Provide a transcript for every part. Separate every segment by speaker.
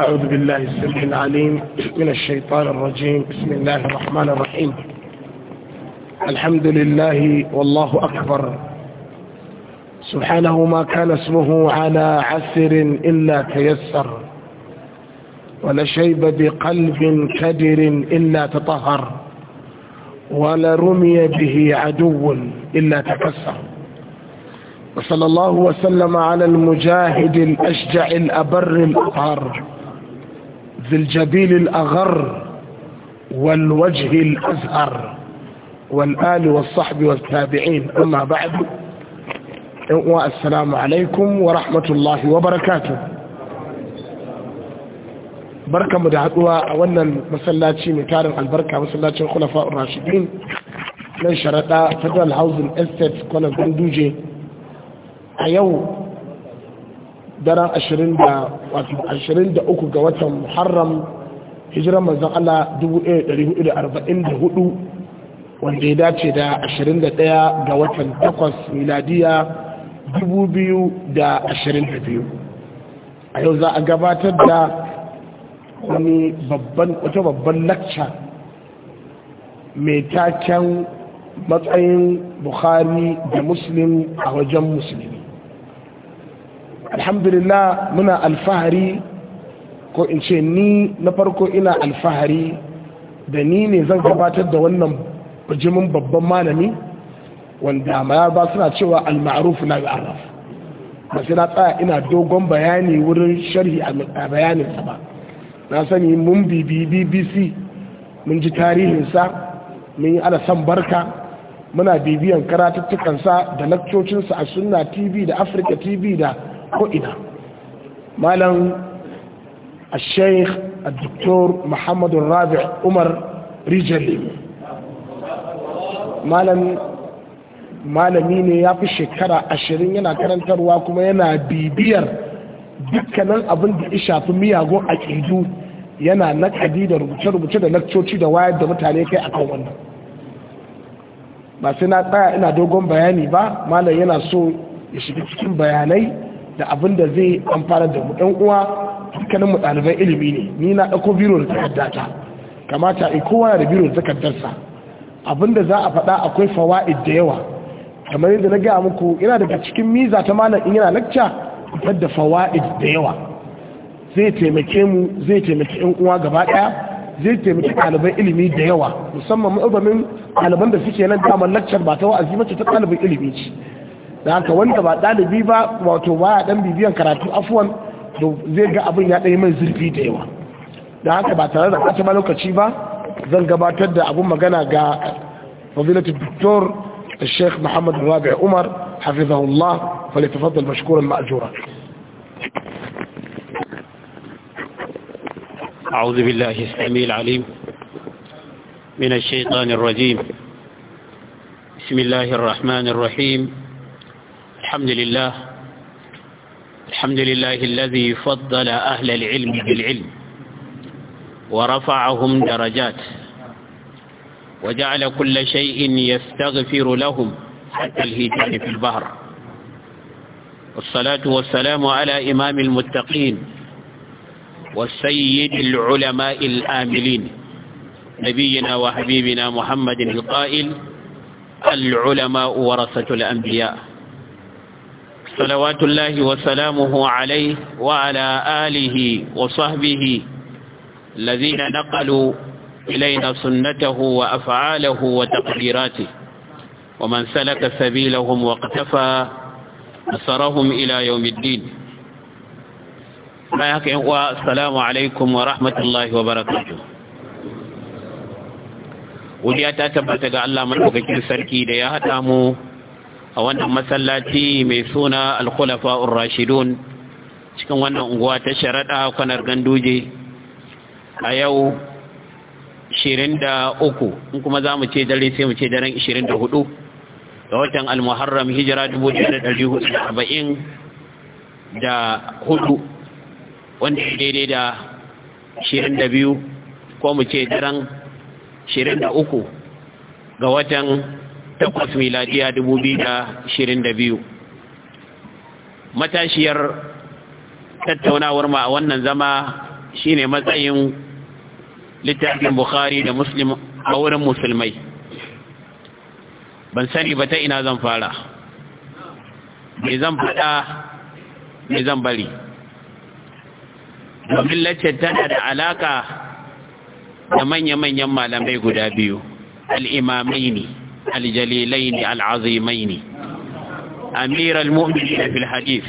Speaker 1: أعوذ بالله السميع العليم من الشيطان الرجيم بسم الله الرحمن الرحيم الحمد لله والله أكبر سبحانه ما كان اسمه على عسر إلا تيسر ولا شيب بقلب كدر إلا تطهر ولرمي به عدو إلا تكسر وصلى الله وسلم على المجاهد الأشجع الأبر الأطهر ذي الجبيل الأغر والوجه الأزهر والآل والصحب والتابعين أما بعد والسلام عليكم ورحمة الله وبركاته barkamu da haduwa a wannan masallaci mai tarin albarka masallacin khulafa rashidin nan sharaɗa federal housing estate kwanan ganduje a yau daren 23 ga watan muharram hijiran manzan Allah 1444 wanda ya dace da 21 ga watan 8 miladiya 2022 a yau za a gabatar da wani babban wata babban lakca mai taken matsayin bukhari da muslim a wajen musulmi alhamdulillah muna alfahari ko in ce ni na farko ina alfahari da ni ne zan gabatar da wannan bijimin babban malami wanda maya ba suna cewa al na ga ba na tsaya ina dogon bayani wurin sharhi a bayaninsa ba na sani mun bibi bbc mun ji tarihinsa mun yi alasan barka muna bibiyan karatuttukansa da lakcocinsa a sunna tv da africa tv da ko'ina malam a sheikh a doktor muhammadu rabi umar rijali malam malami ne ya fi shekara ashirin yana karantarwa kuma yana bibiyar dukkanin abin da ya shafi miyagun a aƙidu yana nakadi da rubuce-rubuce da lakcoci da wayar da mutane kai a kan wannan ba sai na tsaya ina dogon bayani ba malam yana so ya shiga cikin bayanai da abin da zai amfana da mu uwa dukkanin mu ɗaliban ilimi ne ni na ɗauko biro da takardata kamata in kowa da biro da takardarsa abin da za a faɗa akwai fawa'id da yawa kamar yadda na gaya muku yana daga cikin miza ta malam in yana lakca fitar da fawaid da yawa zai taimake mu zai taimake yan uwa gaba daya zai taimake ɗaliban ilimi da yawa musamman ma'azamin ɗaliban da suke nan damar lakcar ba ta wa'azi mace ta ɗaliban ilimi ce da haka wanda ba ɗalibi ba wato baya ya ɗan bibiyan karatu afuwan da zai ga abin ya ɗaya mai zurfi da yawa da haka ba tare da ɓata lokaci ba zan gabatar da abin magana ga fadilatul doctor الشيخ محمد بن رابع عمر حفظه الله فليتفضل مشكورا مأجورا
Speaker 2: أعوذ بالله السميع العليم من الشيطان الرجيم بسم الله الرحمن الرحيم الحمد لله الحمد لله الذي فضل أهل العلم بالعلم ورفعهم درجات وجعل كل شيء يستغفر لهم حتى الهيتان في البحر والصلاة والسلام على إمام المتقين والسيد العلماء الآملين نبينا وحبيبنا محمد القائل العلماء ورثة الأنبياء صلوات الله وسلامه عليه وعلى آله وصحبه الذين نقلوا إلينا سنته وأفعاله وتقديراته ومن سلك سبيلهم واقتفى أثرهم إلى يوم الدين السلام عليكم ورحمة الله وبركاته ودي أتبت قال الله من أفكر سركي ديها تامو أولا مسلاتي ميسونا الخلفاء الراشدون cikin wannan unguwa ta sharaɗa kwanar ganduje a yau 23 in kuma za mu ce dare sai mu ce daren 24 da watan almuharram hijira 1440 da hudu wanda daidai da 22 ko mu ce daren 23 ga watan 8 miladiya 2022 matashiyar tattaunawar ma a wannan zama shine matsayin littafin bukhari da muslim a wurin musulmai ban sani ba ta ina zan fara me zan fada me zan bari domin lacce tana da alaka da manya-manyan malamai guda biyu al'imamai ne aljalilai ne al'azimai ne amir al-mu'mini na fil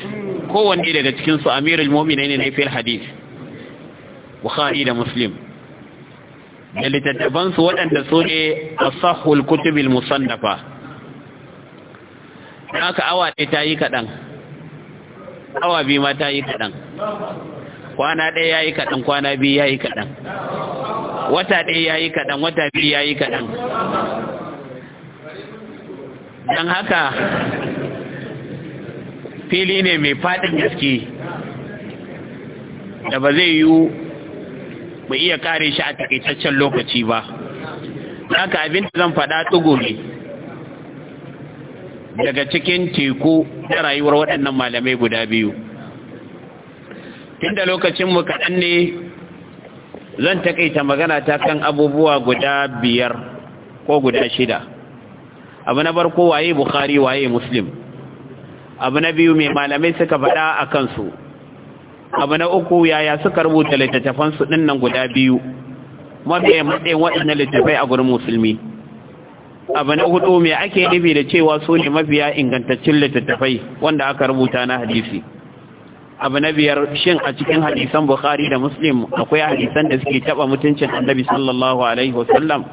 Speaker 2: kowanne daga cikinsu amir al-mu'mini ne na fil bukhari da muslim da littattafansu waɗanda su ne a sahul kutubil musannafa haka awa ɗaya ta yi kaɗan awa biyu ma ta yi kaɗan kwana ɗaya ya yi kaɗan kwana biyu ya yi kaɗan wata ɗaya ya yi kaɗan wata biyu ya yi kaɗan don haka fili ne mai faɗin gaske da ba zai yiwu ba iya kare shi a takaitaccen lokaci ba haka abin da zan faɗa tsugu ne daga cikin teku da rayuwar waɗannan malamai guda biyu tunda lokacin mu kaɗan ne zan takaita magana ta kan abubuwa guda biyar ko guda shida abu na barko waye bukhari waye muslim abu na biyu mai malamai suka faɗa a kansu abu na uku yaya suka rubuta littattafansu ɗin nan guda biyu mafiya matsayin waɗannan littattafai a gudun musulmi abu na hudu mai ake nufi da cewa su ne mafiya ingantaccen littattafai wanda aka rubuta na hadisi abu na biyar shin a cikin hadisan bukhari da muslim akwai hadisan da suke taɓa mutuncin annabi sallallahu alaihi wasallam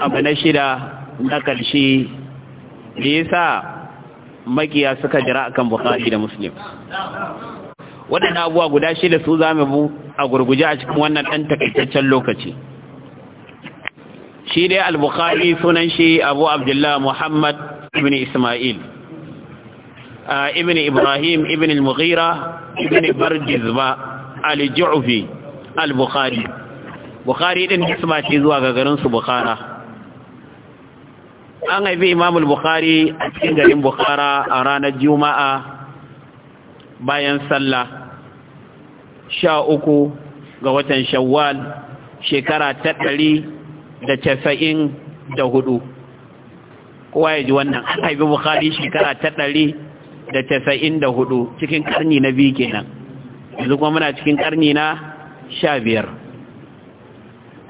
Speaker 2: abu na shida na ƙarshe da ya sa makiya suka jira akan bukhari da muslim waɗanda abuwa guda shi shida su za bu a gurguje a cikin wannan ɗan takaitaccen lokaci shi dai al-bukhari sunan shi abu abdullah muhammad ibn isma'il ibn ibrahim ibn al-mughira ibn barjizba al-ju'fi al-bukhari bukhari din isma ce zuwa ga garin su bukhara an haifi imamul al-bukhari a cikin garin bukhara a ranar juma'a bayan sallah sha uku ga watan shawwal shekara ta ɗari da casa'in da hudu kowa ya ji wannan an haifi bukari shekara ta ɗari da casa'in da hudu cikin karni na biyu kenan yanzu kuma muna cikin karni na sha biyar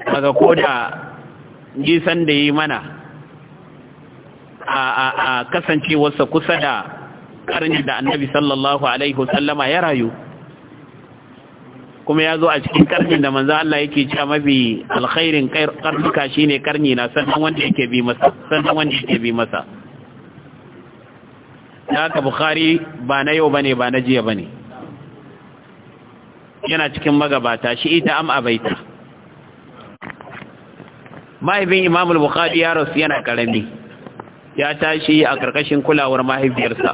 Speaker 2: daga ko da nisan da yi mana a kasancewarsa kusa da karni da annabi sallallahu alaihi wasallama ya rayu kuma ya zo a cikin karnin da manzo Allah yake cewa mafi alkhairin karnuka shine karni na sannan wanda yake bi masa sannan wanda yake bi masa Ya ka bukhari ba na yau bane ba na jiya bane yana cikin magabata shi ita am abaita mahaifin imamul bukhari ya rasu yana karami ya tashi a karkashin kulawar mahaifiyarsa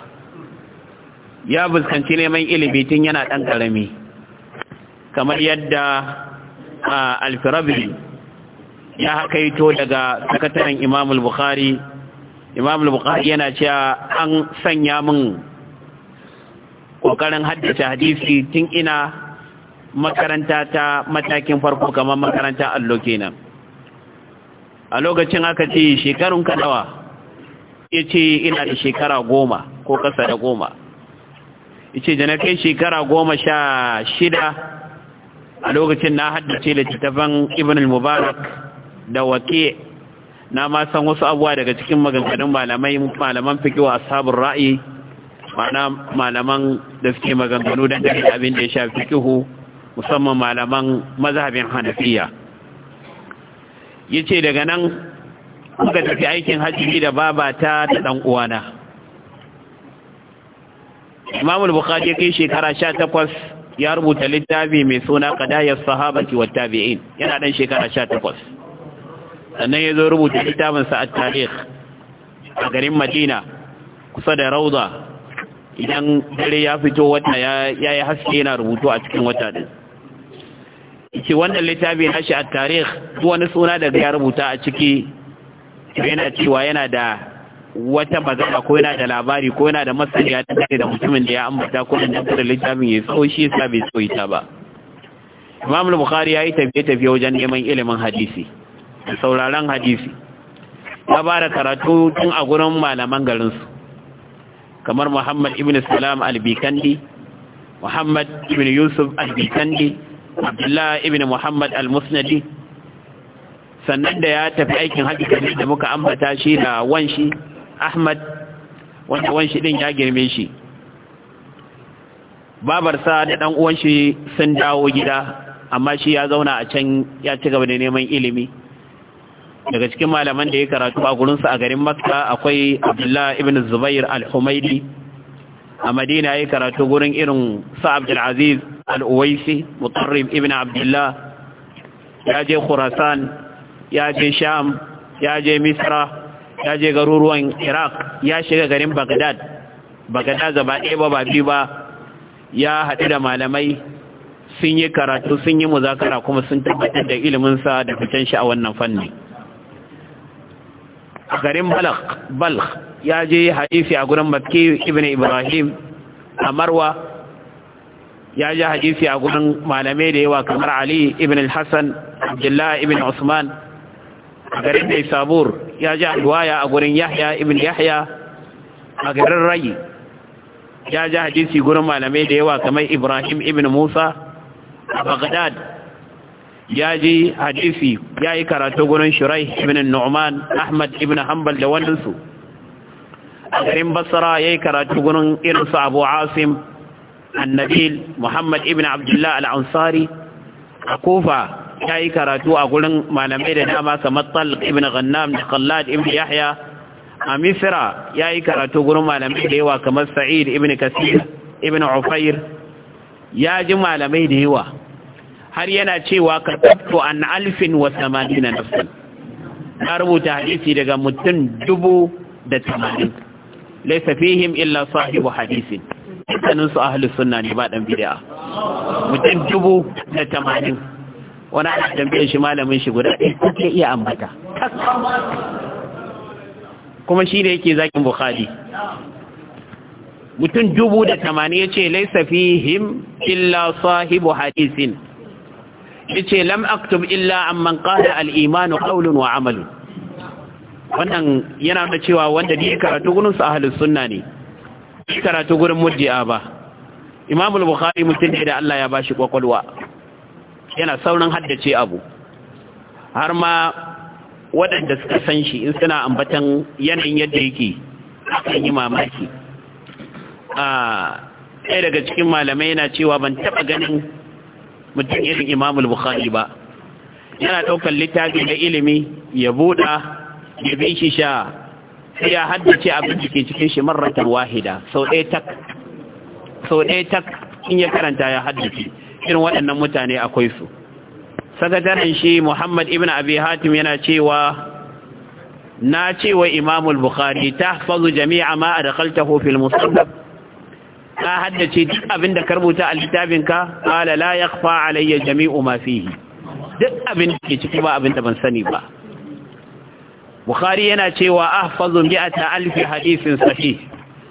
Speaker 2: ya fuskanci neman ilimi tun yana dan karami kamar yadda alfirabili ya hakaito daga sakataren imam al-bukhari imam al-bukhari yana cewa an sanya min kokarin haddace hadisi tun ina makaranta ta matakin farko kamar makaranta allo kenan a lokacin aka ce shekarun Kadawa, ya ce ina da shekara goma ko kasa da goma ya ce da na kai shekara goma sha shida a lokacin na haddace littattafan ibn al-mubarak da waƙe na ma san wasu abuwa daga cikin maganganun malamai malaman fikiwa ashabur ra'ayi mana malaman da suke maganganu don gani abin da ya shafi fikihu musamman malaman mazhabin hanafiya yace daga nan muka tafi aikin hajji da babata da dan uwana Imam al-Bukhari kai shekara 18 ya rubuta littafi mai suna kadayar sahabati wa tabi'in yana ɗan shekara sha takwas, sannan ya zo rubuta littafinsa a tarih a garin madina kusa da rauza idan dare ya fito wata ya yi haske yana rubutu a cikin wata ɗin ke wannan littafi nashi a tarih wani suna daga ya rubuta a ciki yana cewa yana da wata bazama ko yana da labari ko yana da masaniya ta dare da mutumin da ya ambata ko da da littafin ya tsawo shi yasa bai tsawo ita ba Imam al-Bukhari yi tafiye tafiye wajen neman ilimin hadisi da sauraron hadisi ya bara karatu tun a gurin malaman garin su kamar Muhammad ibn Salam al-Bikandi Muhammad ibn Yusuf al-Bikandi Abdullah ibn Muhammad al-Musnadi sannan da ya tafi aikin hajji da muka ambata shi da wanshi ahmad wanda wanshi din ya girme shi babarsa da dan uwan shi sun dawo gida amma shi ya zauna a can ya ci gaba da neman ilimi daga cikin malaman da ya karatu a sa a garin makka akwai abdullah ibn zubair al humaydi a madina ya karatu gurin irin sa Aziz al-uwaisi mutarrib ibn abdullah ya je khurasan ya je sham ya je misra ya je garuruwan iraq ya shiga garin bagdad Baghdad zaba ɗaya ba ba biyu ba ya haɗu da malamai sun yi karatu sun yi muzakara kuma sun tabbatar da iliminsa da fitan shi a wannan fanni a garin balkh ya je hadisi a gurin makki ibn ibrahim a marwa ya je hadisi a gurin malamai da yawa kamar ali ibn hassan abdullahi ibn usman a garin isabur ya ji alwaya a gurin yahya ibn yahya a garin rayi ya ji hadisi gurin malamai da yawa kamar ibrahim ibn musa a bagdad ya ji hadisi ya yi karatu gurin shirai ibn nu'man ahmad ibn hanbal da waninsu a garin basra ya yi karatu gurin irinsu abu asim annabil muhammad ibn abdullah al'ansari a kofa ya yi karatu a gurin malamai da dama kamar talq ibn ghannam da ibn yahya a misra ya yi karatu gurin malamai da yawa kamar sa'id ibn kasir ibn ufair ya ji malamai da yawa har yana cewa ka tabto an alfin wa na nafsan na rubuta hadisi daga mutum dubu da tamanin laisa fihim illa sahibu hadisin dukkaninsu ahlus sunna ne ba ɗan bid'a mutum dubu da tamanin wani ana tambayar shi malamin shi guda ɗaya kuke iya ambata kuma shi ne yake zaƙin bukhari mutum dubu da tamani ya ce laisa fihim illa sahibu hadisin ya ce lam aktub illa amman qala al-imanu qawlun wa amalun wannan yana da cewa wanda ne karatu gurin su ahlus sunna ne karatu gurin mudji'a ba imamul bukhari mutum ne da Allah ya bashi kwakwalwa yana saurin haddace abu har ma waɗanda suka san shi in suna ambatan yanayin yadda yake
Speaker 3: akan yi mamaki
Speaker 2: ɗaya daga cikin malamai yana cewa ban taɓa ganin mutum irin imamul bukhari ba yana ɗaukar littafi da ilimi ya buɗa ya bi shi sha
Speaker 1: sai ya haddace abin
Speaker 2: da ke cikin shi marratar wahida sau ɗaya tak in ya karanta ya haddace irin waɗannan mutane akwai su sakataren shi muhammad ibn abi hatim yana cewa na cewa Imam al bukhari ta fazu jami'a ma a dakaltahu fil musannaf ka haddace duk abin da karbuta a littafinka qala la yakhfa alayya jami'u ma fihi duk abin da ke ciki ba abin da ban sani ba bukhari yana cewa ahfazu mi'ata alfi hadisin sahih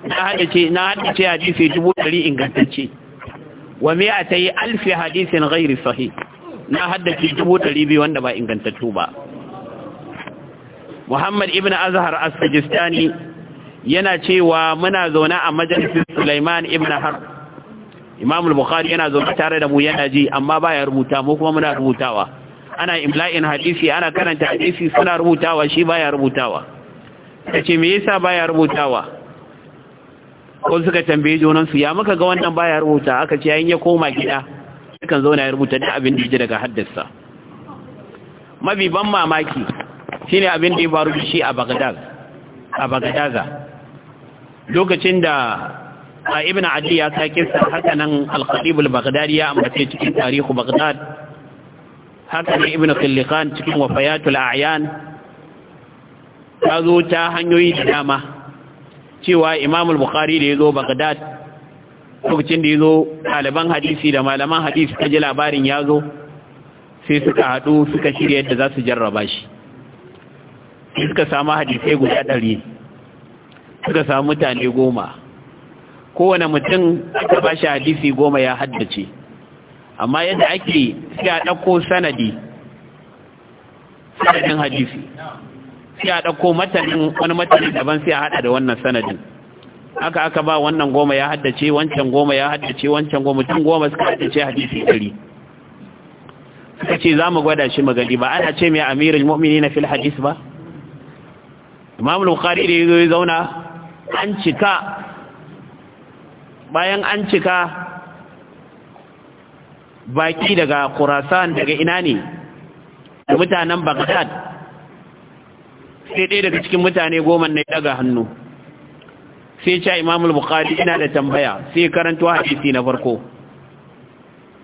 Speaker 2: na haddace na haddace hadisi 1000 ingantacce wa yi alfi hadisin ghairi sahi na haddace dubu ɗari biyu wanda ba ingantattu ba Muhammad ibn Azhar as-Sajistani yana cewa muna zaune a majalisin Sulaiman ibn Harb Imam al-Bukhari yana zaune tare da mu yana ji amma ya rubuta mu kuma muna rubutawa ana imla'in hadisi ana karanta hadisi suna rubutawa shi ya rubutawa tace me yasa baya rubutawa ko suka tambaye junansu ya maka ga wannan baya rubuta aka ce yayin ya koma gida kan zauna ya rubuta duk abin da yake daga haddasa mafi ban mamaki shine abin da ya faru shi a Baghdad a Baghdad lokacin da a ibn adi ya sake sa haka nan al al-baghdadi ya ambace cikin tarihi baghdad haka ne ibn khilliqan cikin wafayatul a'yan ta zo ta hanyoyi da dama cewa Imam bukari bukhari da zo Baghdad lokacin da ya zo ɗaliban hadisi da malaman hadisi ta ji labarin ya zo sai suka haɗu suka shirya yadda za su jarraba shi sai suka samu hadisai guda ɗari suka samu mutane goma kowane mutum aka ba shi hadisi goma ya haddace amma yadda ake sai a ɗauko sanadi sanadin hadisi sai a ɗauko matanin wani matanin daban sai a haɗa da wannan sanadin aka aka ba wannan goma ya haddace wancan goma ya haddace wancan goma tun goma suka haddace hadisi ɗari suka ce za mu gwada shi magani ba ana ce mai amirin mu'mini na fil hadis ba imam bukhari da ya zauna an cika bayan an cika baki daga khurasan daga ina ne da mutanen bagdad sai ɗaya daga cikin mutane goma na daga hannu sai ce imamul bukhari ina da tambaya sai karanto hadisi na farko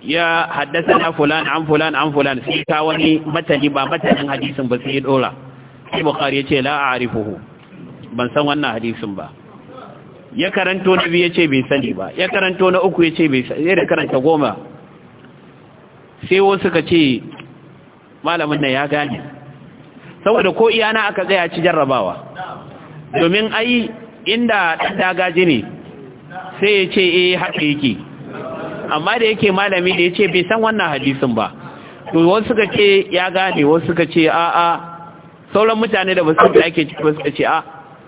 Speaker 2: ya haddasa na fulan an fulan an fulan sai ta wani matani ba matanin hadisin ba sai dora sai bukhari ya ce la a'rifuhu ban san wannan hadisin ba ya karanto na biyu ya ce bai sani ba ya karanto na uku ya ce bai sani ya da karanta goma sai wasu ka ce malamin na ya gane saboda ko iyana aka tsaya ci jarrabawa domin ai inda dagaji ne sai ya ce eh haka yake amma da yake malami da ya ce bai san wannan hadisin ba to wasu suka ce ya gane wasu suka ce a'a sauran mutane da basu da ake ciki suka ce a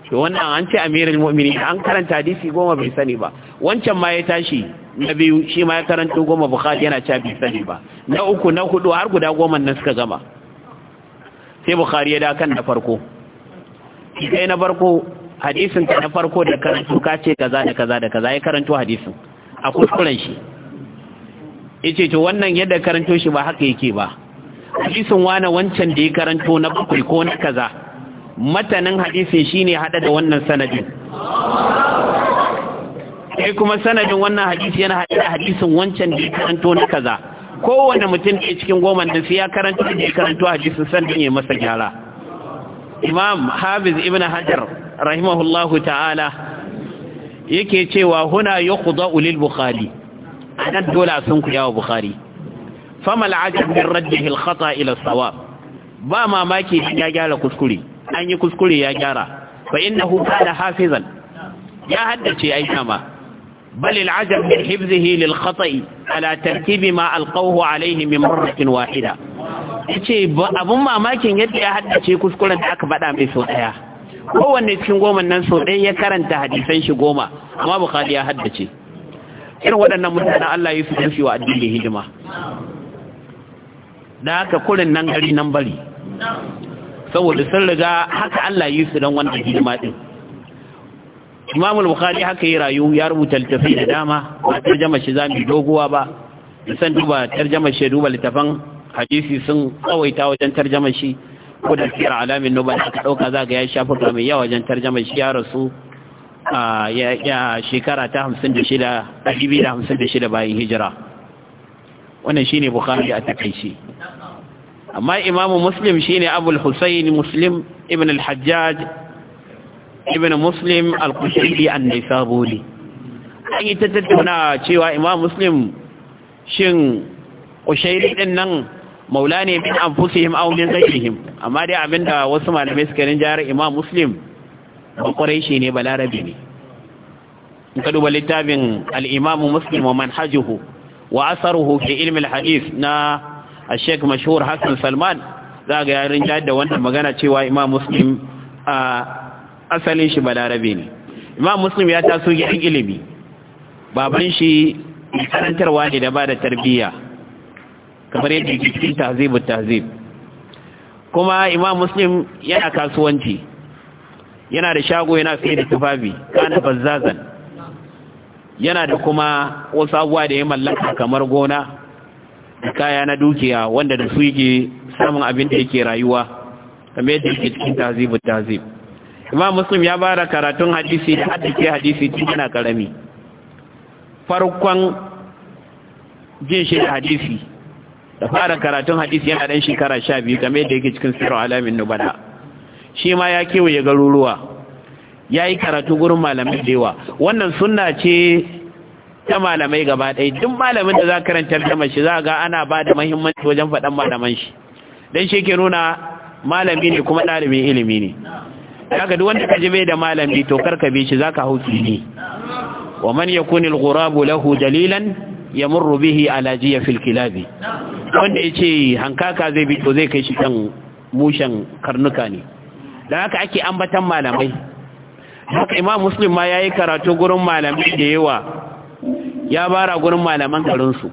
Speaker 2: to wannan an ce amirul mu'mini an karanta hadisi goma bai sani ba wancan ma ya tashi na biyu shi ma ya karanta goma bukhari yana cewa bai sani ba na uku na hudu har guda goma nan suka gama sai bukhari ya dakan na farko kai na farko hadisin ka na farko da karanto ka ce kaza da kaza da kaza ya karanto hadisin a kuskuren shi ce to wannan yadda karanto shi ba haka yake ba hadisin wani wancan da ya karanto na bakwai ko na kaza matanin hadisin shine hada da wannan sanadin sai kuma sanadin wannan hadisi yana hada da hadisin wancan da ya karanto na kaza kowane mutum ke cikin goma nan sai ya karanta da karanto san sannan ya masa gyara imam hafiz ibn hajar rahimahullahu ta'ala yake cewa huna yuqda ulil bukhari anan dole sun ku yawo bukhari fama al'ajab min raddihi al-khata ila sawab ba mamaki ya gyara kuskure an yi kuskure ya gyara fa innahu kana hafizan ya haddace aisha ma بل العجب من حفظه للخطأ على ترتيب ما ألقوه عليه من مرة واحدة ce abun mamakin yadda ya haddace kuskuren da aka faɗa mai sau ɗaya Kowane cikin goma nan sau ɗaya ya karanta hadisan shi goma amma bukari ya haddace irin waɗannan mutanen Allah yi su rufe wa addini hidima da haka kurin nan gari nan bari saboda sun riga haka Allah yi su don wannan hidima ɗin imam al-bukhari haka ya rayu ya rubuta littafi da dama ba tarjama shi zamu doguwa ba san duba tarjama shi duba littafan hadisi sun tsawaita wajen tarjama shi ko da sirr alamin ba aka dauka zaga ya shafuka mai yawa wajen tarjama shi ya rasu a ya shekara ta 56 256 bayan hijira wannan shine bukhari a shi. amma imam muslim shine abul husayn muslim ibn al-hajjaj ibn muslim al-kushairi an nisaburi an yi ta cewa imam muslim shin kushairi din nan maula ne min anfusihim aw min ghayrihim amma dai abinda wasu malamai suka rin jihar imam muslim ba quraishi ne balarabi ne in ka duba littafin al-imam muslim wa manhajuhu wa asaruhu fi ilmi al-hadith na al-sheikh mashhur hasan salman za ga yarin jihar da wannan magana cewa imam muslim a ah, asalin shi balarabe ne imam muslim ya taso gidan ilimi baban shi karantarwa ne da ba da tarbiyya kamar yadda ke cikin tazibu tazib kuma imam muslim yana kasuwanci yana da shago yana sai da tufafi kana bazzazan yana da kuma wasu abuwa da ya mallaka kamar gona da kaya na dukiya wanda da su yake samun abin da yake rayuwa kamar yadda yake cikin tazibu tazib imam muslim ya bara karatun hadisi da hadisi hadisi tun yana karami farkon jin shi da hadisi da fara karatun hadisi yana dan shekara sha biyu game yadda yake cikin sirar alamin nubala shi ma ya kewaye garuruwa ya yi karatu gurin malamai da yawa wannan sunna ce ta malamai gaba ɗaya duk malamin da za ka karanta da shi za ga ana ba da mahimmanci wajen faɗan malaman shi dan shi ke nuna malami ne kuma ɗalibin ilimi ne haka duk wanda ka ji bai da malam bi to karka bi shi zaka hauki ne wa man yakuni al-ghurabu lahu dalilan yamurru bihi ala jiya fil kilabi wanda yace hankaka zai bi to zai kai shi kan mushan karnuka ne da haka ake ambatan malamai haka imam muslim ma yayi karatu gurin malamai da yawa ya bara gurin malaman garin su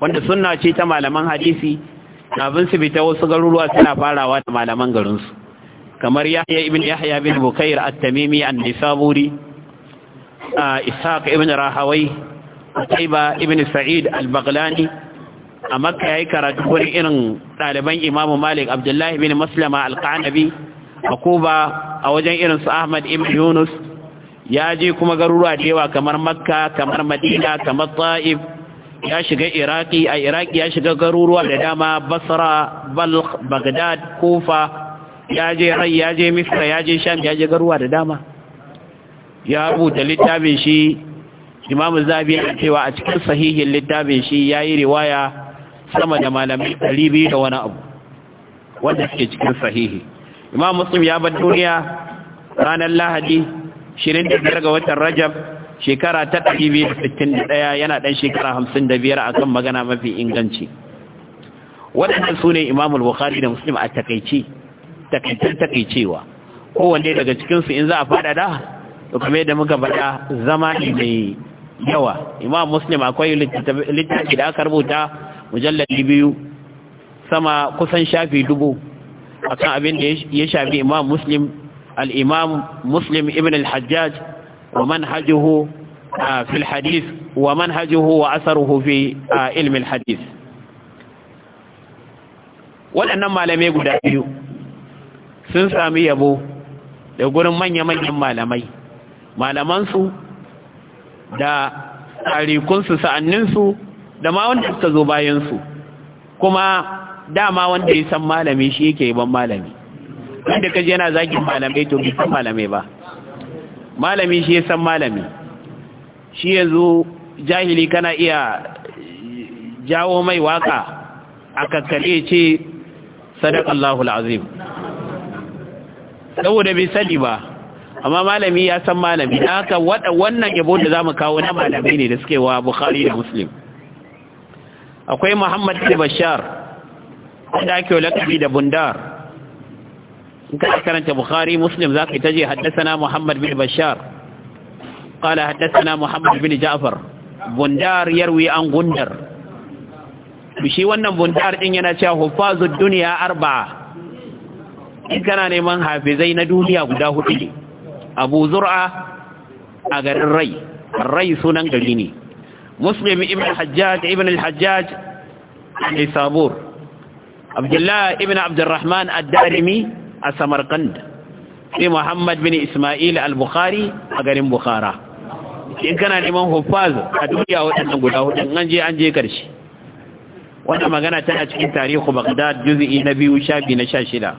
Speaker 2: wanda sunna ce ta malaman hadisi abin su bi ta wasu garuruwa suna farawa da malaman garin su kamar yahya ibn yahya bin bukair at-tamimi an-nisaburi ishaq ibn rahawai taiba ibn sa'id al-baghlani a makka yayi karatu gurin irin ɗaliban imamu malik abdullahi bin maslama al-qanabi a a wajen irin su ahmad ibn yunus ya je kuma garuruwa da yawa kamar makka kamar madina kamar ta'if ya shiga iraki a iraki ya shiga garuruwa da dama basra balkh bagdad kufa ya je rai ya je misra ya je sham ya je garuwa da dama ya rubuta littafin shi imamu zabi yana cewa a cikin sahihin littafin shi ya yi riwaya sama da malamai ɗari biyu da wani abu wanda suke cikin sahihi imam muslim ya bar duniya ranar lahadi shirin da biyar ga watan rajab shekara ta ɗari biyu da sittin da ɗaya yana ɗan shekara hamsin da biyar a kan magana mafi inganci waɗannan su ne imamul bukhari da muslim a takaici cewa takaicewa kowanne daga cikinsu in za a faɗaɗa to kame da muka faɗa zama ne mai yawa imam muslim akwai littafi da aka rubuta mujallali biyu sama kusan shafi dubu akan abin da ya shafi imam muslim al-imam muslim ibn al-hajjaj wa manhajuhu في wa ومنهجه وأثره في علم hadith waɗannan malamai guda biyu sun sami yabo da gurin manya-manyan malamai malamansu da tarikunsu sa'anninsu da ma wanda suka zo bayansu kuma dama wanda ya san malami shi yake yi ban malami wanda kaji yana zagin malamai to bai san malamai ba malami shi ya san malami shi yanzu jahili kana iya jawo mai waka a kakkare ce sadakallahu azim saboda bai sani ba amma malami ya san malami da haka wannan yabo da zamu kawo na malami ne da suke wa bukhari da muslim akwai muhammad bin bashar da ake lakabi da bundar in ka karanta bukhari muslim zaka ta je haddathana muhammad bin bashar qala haddathana muhammad bin ja'far bundar yarwi an gundar shi wannan bundar din yana cewa hufazud dunya arba'a in kana neman hafizai na duniya guda hudu ne abu zur'a a garin rai rai sunan gari ne muslim ibn hajjaj ibn al-hajjaj ne sabur abdullahi ibn abdurrahman ad-darimi a samarkand sai muhammad bin ismail al-bukhari a garin bukhara in kana neman hufaz a duniya waɗannan guda hudu an je an je karshe wannan magana tana cikin tarihu bagdad juz'i na biyu shafi na sha shida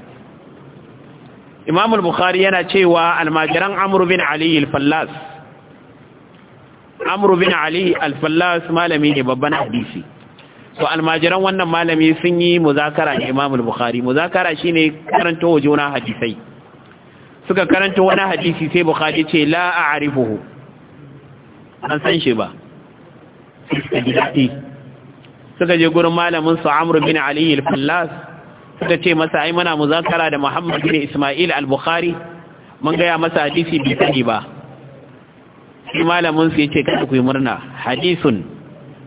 Speaker 2: imam al-bukhari yana cewa almajiran amru bin ali al-fallas amru bin ali al-fallas malami ne babban hadisi to almajiran wannan malami sun yi muzakara da imam al-bukhari muzakara shine karanta wa juna hadisai suka karanta wani hadisi sai bukhari ce la a'rifuhu an san shi ba suka je gurin malamin su amru bin ali al-fallas suka ce masa ai mana muzakara da Muhammad bin Ismail al-Bukhari mun gaya masa hadisi bai sani ba shi malamin su ce kada ku yi murna hadisun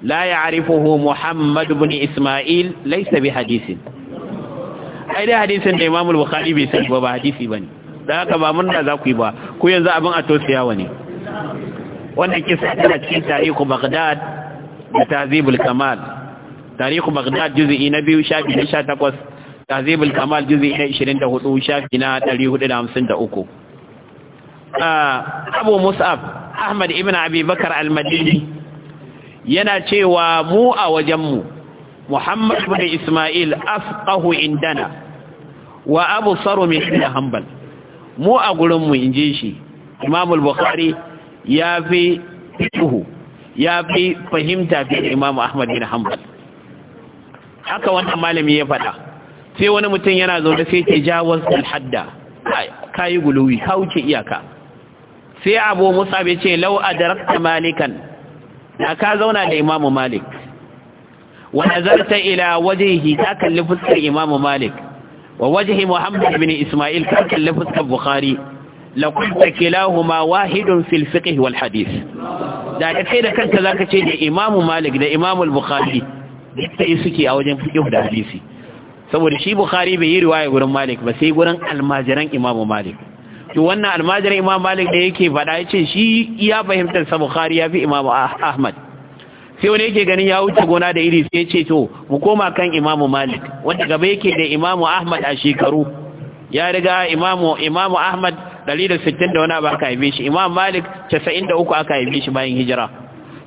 Speaker 2: la ya'rifuhu Muhammad bin Ismail laysa bi hadisin ai dai hadisin da Imam al-Bukhari bai sani ba ba hadisi bane dan haka ba murna za ku yi ba ku yanzu abin a tosiyawa ne wannan kisa tana cikin tarihu Baghdad da Tahzibul Kamal tarihu Baghdad juz'i na biyu shafi 18 tazibul kamal juzi na 24 shafi na 453 abu mus'ab ahmad ibn Abibakar bakar al-madini yana cewa mu a wajenmu muhammad ibn isma'il afqahu indana wa abu saru min hanbal mu a gurinmu in ji shi imamul bukhari ya fi fiqhu ya fi fahimta fi imamu ahmad bin hanbal haka wannan malami ya faɗa sai wani mutum yana zo da sai ke jawaz alhadda ka yi guluwi ka wuce iyaka sai abu musa bai ce lau a darakta malikan na ka zauna da imamu malik wa nazarta ila waje wajehi ka kalli fuskar imamu malik wa wajehi muhammad bin ismail ka kalli fuskar bukhari lakunta kilahuma wahidun fil fiqh wal hadith da ka kai da kanka za ka ce da imamu malik da imamu bukhari duk sai suke a wajen fiqh da hadisi saboda shi bukhari bai yi riwaya gurin malik ba sai gurin almajiran imamu malik to wannan almajiran imamu malik da yake faɗa ya ce shi ya fahimtar sa bukhari ya fi imamu ah-, ahmad sai wani yake ganin ya wuce gona da iri sai ce to mu koma kan imamu malik wanda gaba yake da imamu ahmad a shekaru ya riga imamu imamu ahmad 160 da wani abu aka haife shi Imam'u malik 93 aka haife shi bayan hijira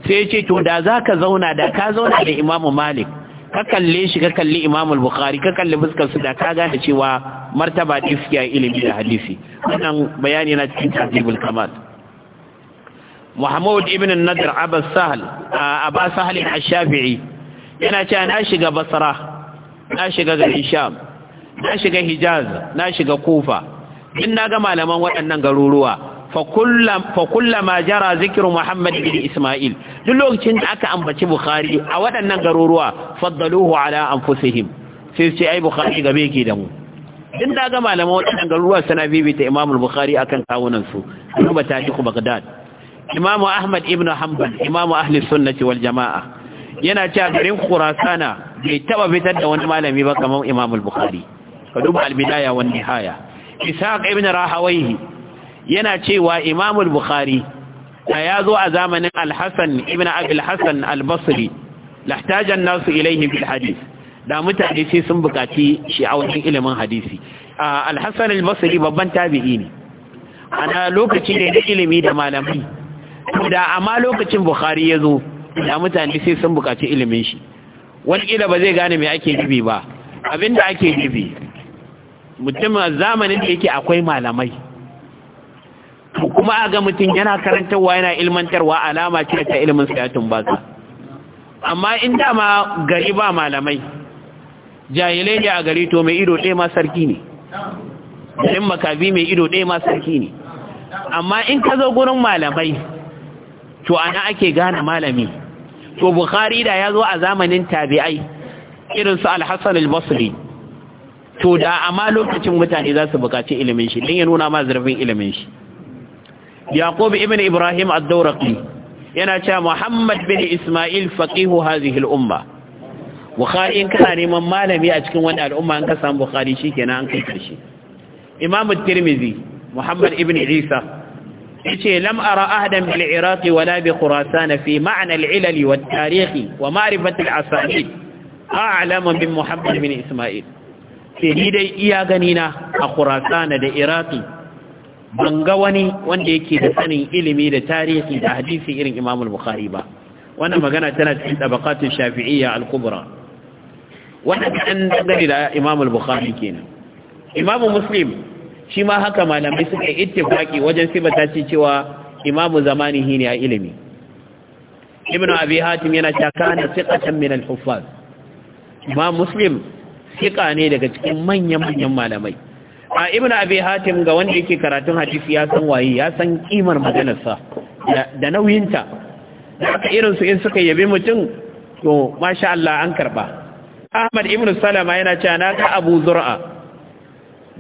Speaker 2: sai ya ce to da zaka zauna da ka zauna da imamu malik ka kalle shi ka kalli Imam al-Bukhari ka kalli fuskar su da ka gane cewa martaba iskiya ilimi da hadisi wannan bayani na cikin Tahzibul Kamal Muhammad ibn nadir Abu Sahl Abu shafii yana cewa na shiga Basra na shiga garin Sham na shiga Hijaz na shiga Kufa in na ga malaman waɗannan garuruwa fa ma jara zikirin Muhammad bin Ismail duk lokacin da aka ambaci Bukhari a waɗannan garuruwa faddaluhu ala anfusihim sai ce ai Bukhari gabe ke da mu din da ga malaman waɗannan garuruwa suna bibita Imam Bukhari akan kawunan su duba tarihu Baghdad Imam Ahmad ibn Hanbal Imam Ahli Sunnah wal Jamaa yana cewa garin Khurasana bai taba fitar da wani malami ba kamar Imam Bukhari ka duba al-Bidaya wan Nihaya Ishaq ibn Rahawayhi yana cewa imamul bukhari da ya zo a zamanin alhassan ibn abil albasiri albasri nasu ilaihi fil hadith da mutane sai sun bukaci shi a wajen ilimin hadisi alhassan albasiri babban tabi'i ne ana lokaci ne na ilimi da malamai da amma lokacin bukhari ya zo da mutane sai sun bukaci ilimin shi wani kila ba zai gane me ake nufi ba abinda ake nufi mutum zamanin da yake akwai malamai kuma a ga mutum yana karantarwa yana ilmantarwa alama ce ta ilimin sayatun baka amma in dama gari ba malamai jahilai ne a gari to mai ido ɗaya ma sarki ne ɗin makabi mai ido ɗaya ma sarki ne amma in ka zo gurin malamai to ana ake gane malami to bukhari da ya zo a zamanin tabi'ai irinsu su alhassan albasri to da amma lokacin mutane za su bukaci ilimin shi don ya nuna ma zurfin ilimin shi Yakubu ibn ibrahim ad-dawraqi yana cewa muhammad bin isma'il faqihu hadhihi al-umma bukhari in kana neman malami a cikin wannan al'umma an ka samu bukhari shikenan an kai karshe imam at-tirmidhi muhammad ibn isa yace lam ara ahadan bil iraq wala bi khurasan fi ma'na al-ilal wa at-tarikh wa ma'rifat al-asanid a'lama min muhammad bin isma'il sai dai iya ganina a na da iraqi ban ga wani wanda yake da sanin ilimi da tarihi da hadisi irin Imam al-Bukhari ba wannan magana tana cikin tabaqatu shafi'iyya al-kubra wannan kan dangane da Imam al-Bukhari kenan Imam Muslim shi ma haka malamai suka ittifaki wajen sibata ci cewa Imam zamanihi ne a ilimi Ibn Abi Hatim yana cewa kana siqatan min al-huffaz Imam Muslim siqa ne daga cikin manyan manyan malamai a ibn abi hatim ga wanda yake karatun hadisi ya san waye ya san kimar maganarsa da nauyinta da irin su in suka yabe mutum to masha Allah an karba Ahmad ibn Salama yana cewa na ga Abu Zur'a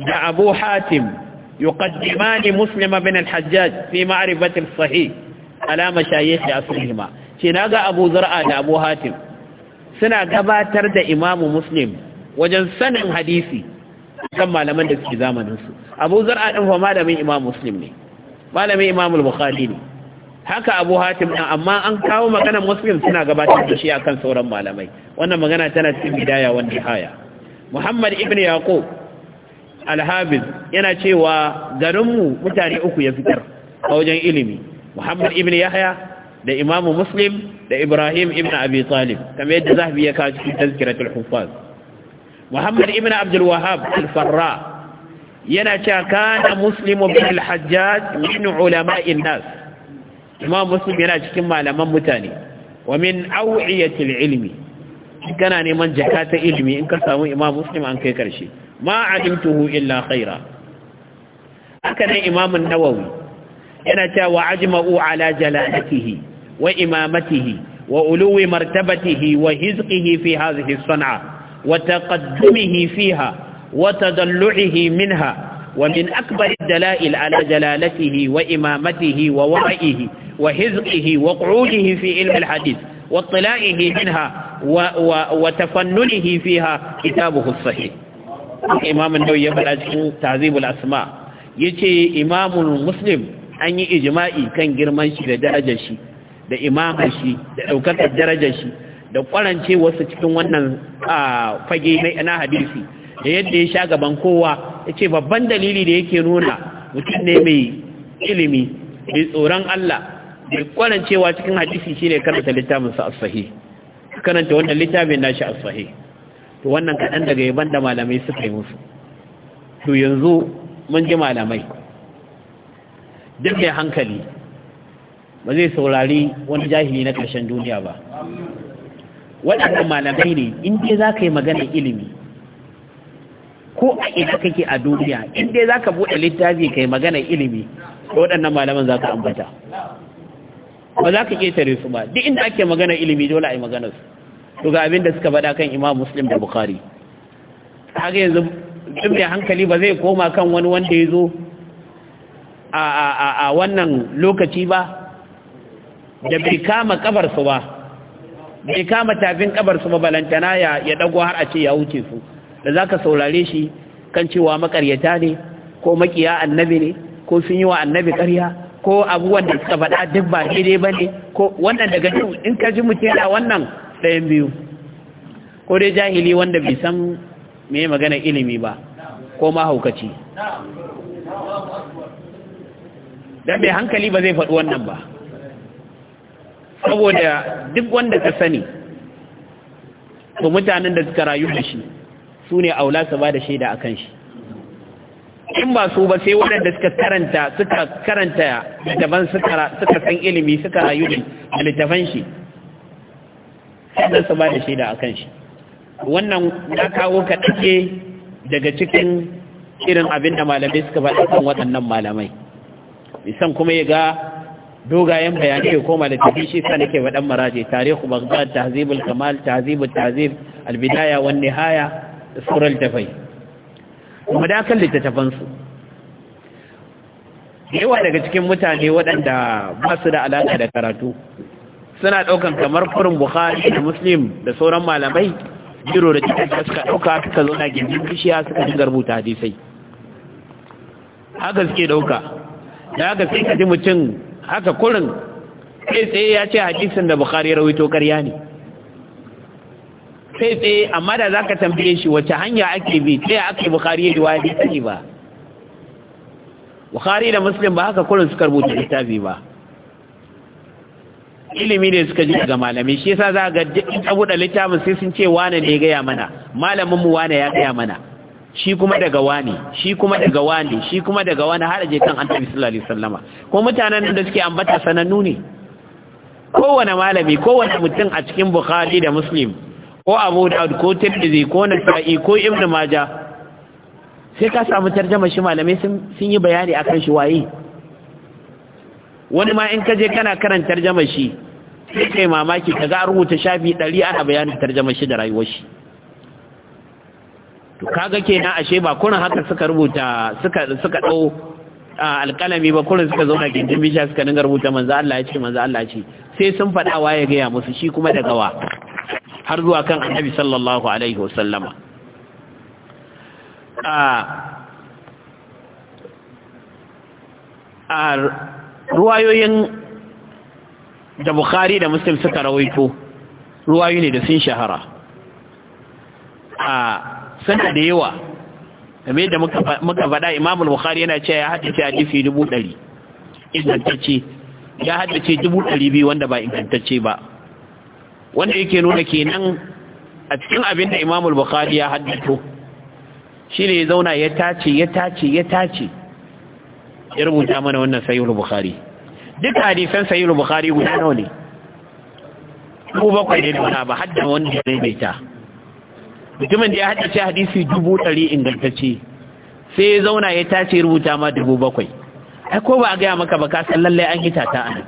Speaker 2: da Abu Hatim yuqaddimani Muslim ibn al-Hajjaj fi ma'rifati al-sahih ala mashayikh asrihima ce na ga Abu Zur'a da Abu Hatim suna gabatar da Imamu Muslim wajen sanin hadisi kan malaman da suke zamanin su Abu Zar'a fa malamin Imam Muslim ne malamin Imam Bukhari ne haka Abu Hatim din amma an kawo maganar Muslim suna gabatar da shi akan sauran malamai wannan magana tana cikin bidaya wa nihaya Muhammad ibn Yaqub al yana cewa garinmu mutane uku ya fitar a wajen ilimi Muhammad ibn Yahya da imamu muslim da ibrahim ibn abi talib kamar yadda zahabi ya kawo cikin tazkiratul huffaz muhammad ibn abdul wahab al-farra yana cewa kana muslimu bin al-hajjaj min ulama'in nas imam muslim yana cikin malaman mutane wa min aw'iyati al-ilmi kana neman jaka ta ilimi in ka samu imam muslim an kai karshe ma alimtuhu illa khaira haka ne imam nawawi yana cewa wa ajma'u ala jalalatihi wa imamatihi wa uluwi martabatihi wa hizqihi fi hadhihi as-san'a وتقدمه فيها وتضلعه منها ومن أكبر الدلائل على جلالته وإمامته وورئه وحزقه وقعوده في علم الحديث واطلاعه منها و و وتفننه فيها كتابه الصحيح إمام النووي يبلغ تعذيب الأسماء يجي إمام المسلم أن يجمعي كان جرمان شي لدرجة شي لإمام شي لأوكاك الدرجة شي da kwarance wasu cikin wannan fage na hadisi da yadda ya sha gaban kowa ya ce babban dalili da yake nuna mutum ne mai ilimi mai tsoron Allah mai kwarancewa cikin hadisi shi ne karanta littafin a sahi karanta wannan littafin nashi a to wannan kaɗan daga yaban da malamai suka yi musu to yanzu mun ji malamai duk mai hankali ba zai saurari wani jahili na ƙarshen duniya ba waɗannan malamai ne in dai za ka yi magana ilimi ko a ina kake a duniya in dai za ka buɗe littafi ka yi magana ilimi waɗannan malaman za ka ambata ba za ka ƙetare su ba duk inda ake magana ilimi dole a yi magana su to ga abin da suka faɗa kan imam muslim da bukari haka yanzu duk mai hankali ba zai koma kan wani wanda ya zo a wannan lokaci ba da bai kama kabarsa ba bai kama tafin kabar su mabalantana ya ya dago har a ce ya wuce su da zaka saurare shi kan cewa makaryata ne ko makiya annabi ne ko sun yi wa annabi ƙarya ko abubuwan da suka faɗa duk ba daidai ba ne ko wannan daga duk in ka ji mutum yana wannan ɗayan biyu ko dai jahili wanda bai san me magana ilimi ba ko ma Haukaci dan bai hankali ba zai faɗi wannan ba saboda duk wanda ka sani to mutanen da suka rayu da shi su ne aula su ba da shaida akan shi in ba su ba sai waɗanda suka karanta suka karanta littafan suka san ilimi suka rayu da littafan shi su ba da shaida akan shi wannan ya kawo ka take daga cikin irin abin da malamai suka faɗa kan waɗannan malamai isan kuma ya ga dogayen bayanai ko koma da tafi shi sa nake wadan maraje tarihu bagdad tahzibul kamal tahzibul tahzib albidaya wan nihaya sural tafai kuma da kan littattafan su yawa daga cikin mutane waɗanda ba su da alaƙa da karatu suna ɗaukan kamar furin bukhari da muslim da sauran malamai jiro da cikin da suka ɗauka suka zo na gindin bishiya suka dinga rubuta hadisai haka suke ɗauka da haka sai ka ji mutum haka kurin sai tsaye ya ce hadisin da bukhari to karya ne sai tsaye amma da za ka tambaye shi wace hanya ake bi tsaye ake bukhari ya riwaya da sani ba bukhari da musulun ba haka kurin suka rubuta littafi ba ilimi ne suka ji daga malami shi yasa za ga in abu da littafin sai sun ce wane ne ya gaya mana malamin mu wane ya gaya mana shi kuma daga wani shi kuma daga wani shi kuma daga wani har je kan annabi sallallahu alaihi wasallama ko mutanen da suke ambata sanannu ne kowane malami kowane mutum a cikin bukhari da muslim ko abu daud ko tirmidhi ko nasa'i ko ibn majah sai ka samu tarjuma shi malamai sun sun yi bayani akan shi waye wani ma in ka je kana karanta tarjuma shi sai kai mamaki kaga rubuta shafi 100 ana bayanin tarjuma shi da rayuwar shi to kaga kenan ashe ba kurin haka suka rubuta suka suka dau alƙalami ba kurin suka zauna gindin bisha suka dinga rubuta manzo Allah ya ce manzo Allah ya ce sai sun fada waye ga ya musu shi kuma daga wa har zuwa kan annabi sallallahu alaihi wasallama a ruwayoyin da bukhari da muslim suka rawaito ruwayoyi ne da sun shahara a suna da yawa game da muka faɗa imam al-bukhari yana cewa ya haddace hadisi dubu ɗari ingantacce ya haddace dubu ɗari biyu wanda ba ingantacce ba wanda yake nuna kenan a cikin abin da imam al-bukhari ya haddato shi ne ya zauna ya tace ya tace ya tace ya rubuta mana wannan sayyul bukhari duk hadisan sayyul bukhari guda nawa ne ko bakwai ne da wani ba haddan wanda zai baita mutumin da ya haddace hadisi dubu ɗari ingantacce sai ya zauna ya tace rubuta ma dubu bakwai ai ko ba a gaya maka ba ka san lallai an gita ta anan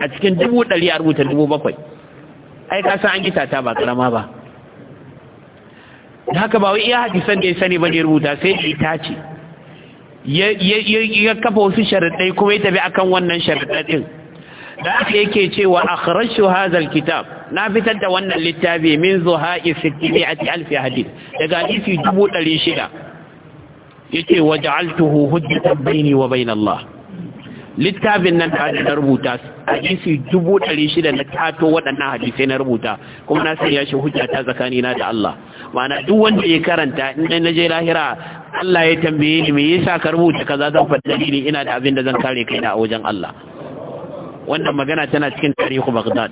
Speaker 2: a cikin dubu ɗari a rubuta dubu bakwai ai ka san an gita ta ba karama ba da haka ba wai iya hadisan da ya sani ba ne rubuta sai ya tace ya kafa wasu sharaɗai kuma ya tafi akan wannan sharaɗaɗin da aka yake cewa a akhrashu hadhal kitab na fitar da wannan littafi min zuha'i sitti'ati alf hadith daga hadisi 600 yace waja'altuhu hujjatan baini wa bain Allah littafin nan da na rubuta ɗari shida na tato waɗannan hadisai na rubuta kuma na sanya shi hujja ta tsakanina da Allah ma'ana duk wanda ya karanta in na je lahira Allah ya tambaye ni me yasa ka rubuta kaza zan faɗi dalili ina da abin da zan kare kaina a wajen Allah wannan magana tana cikin tarihu baghdad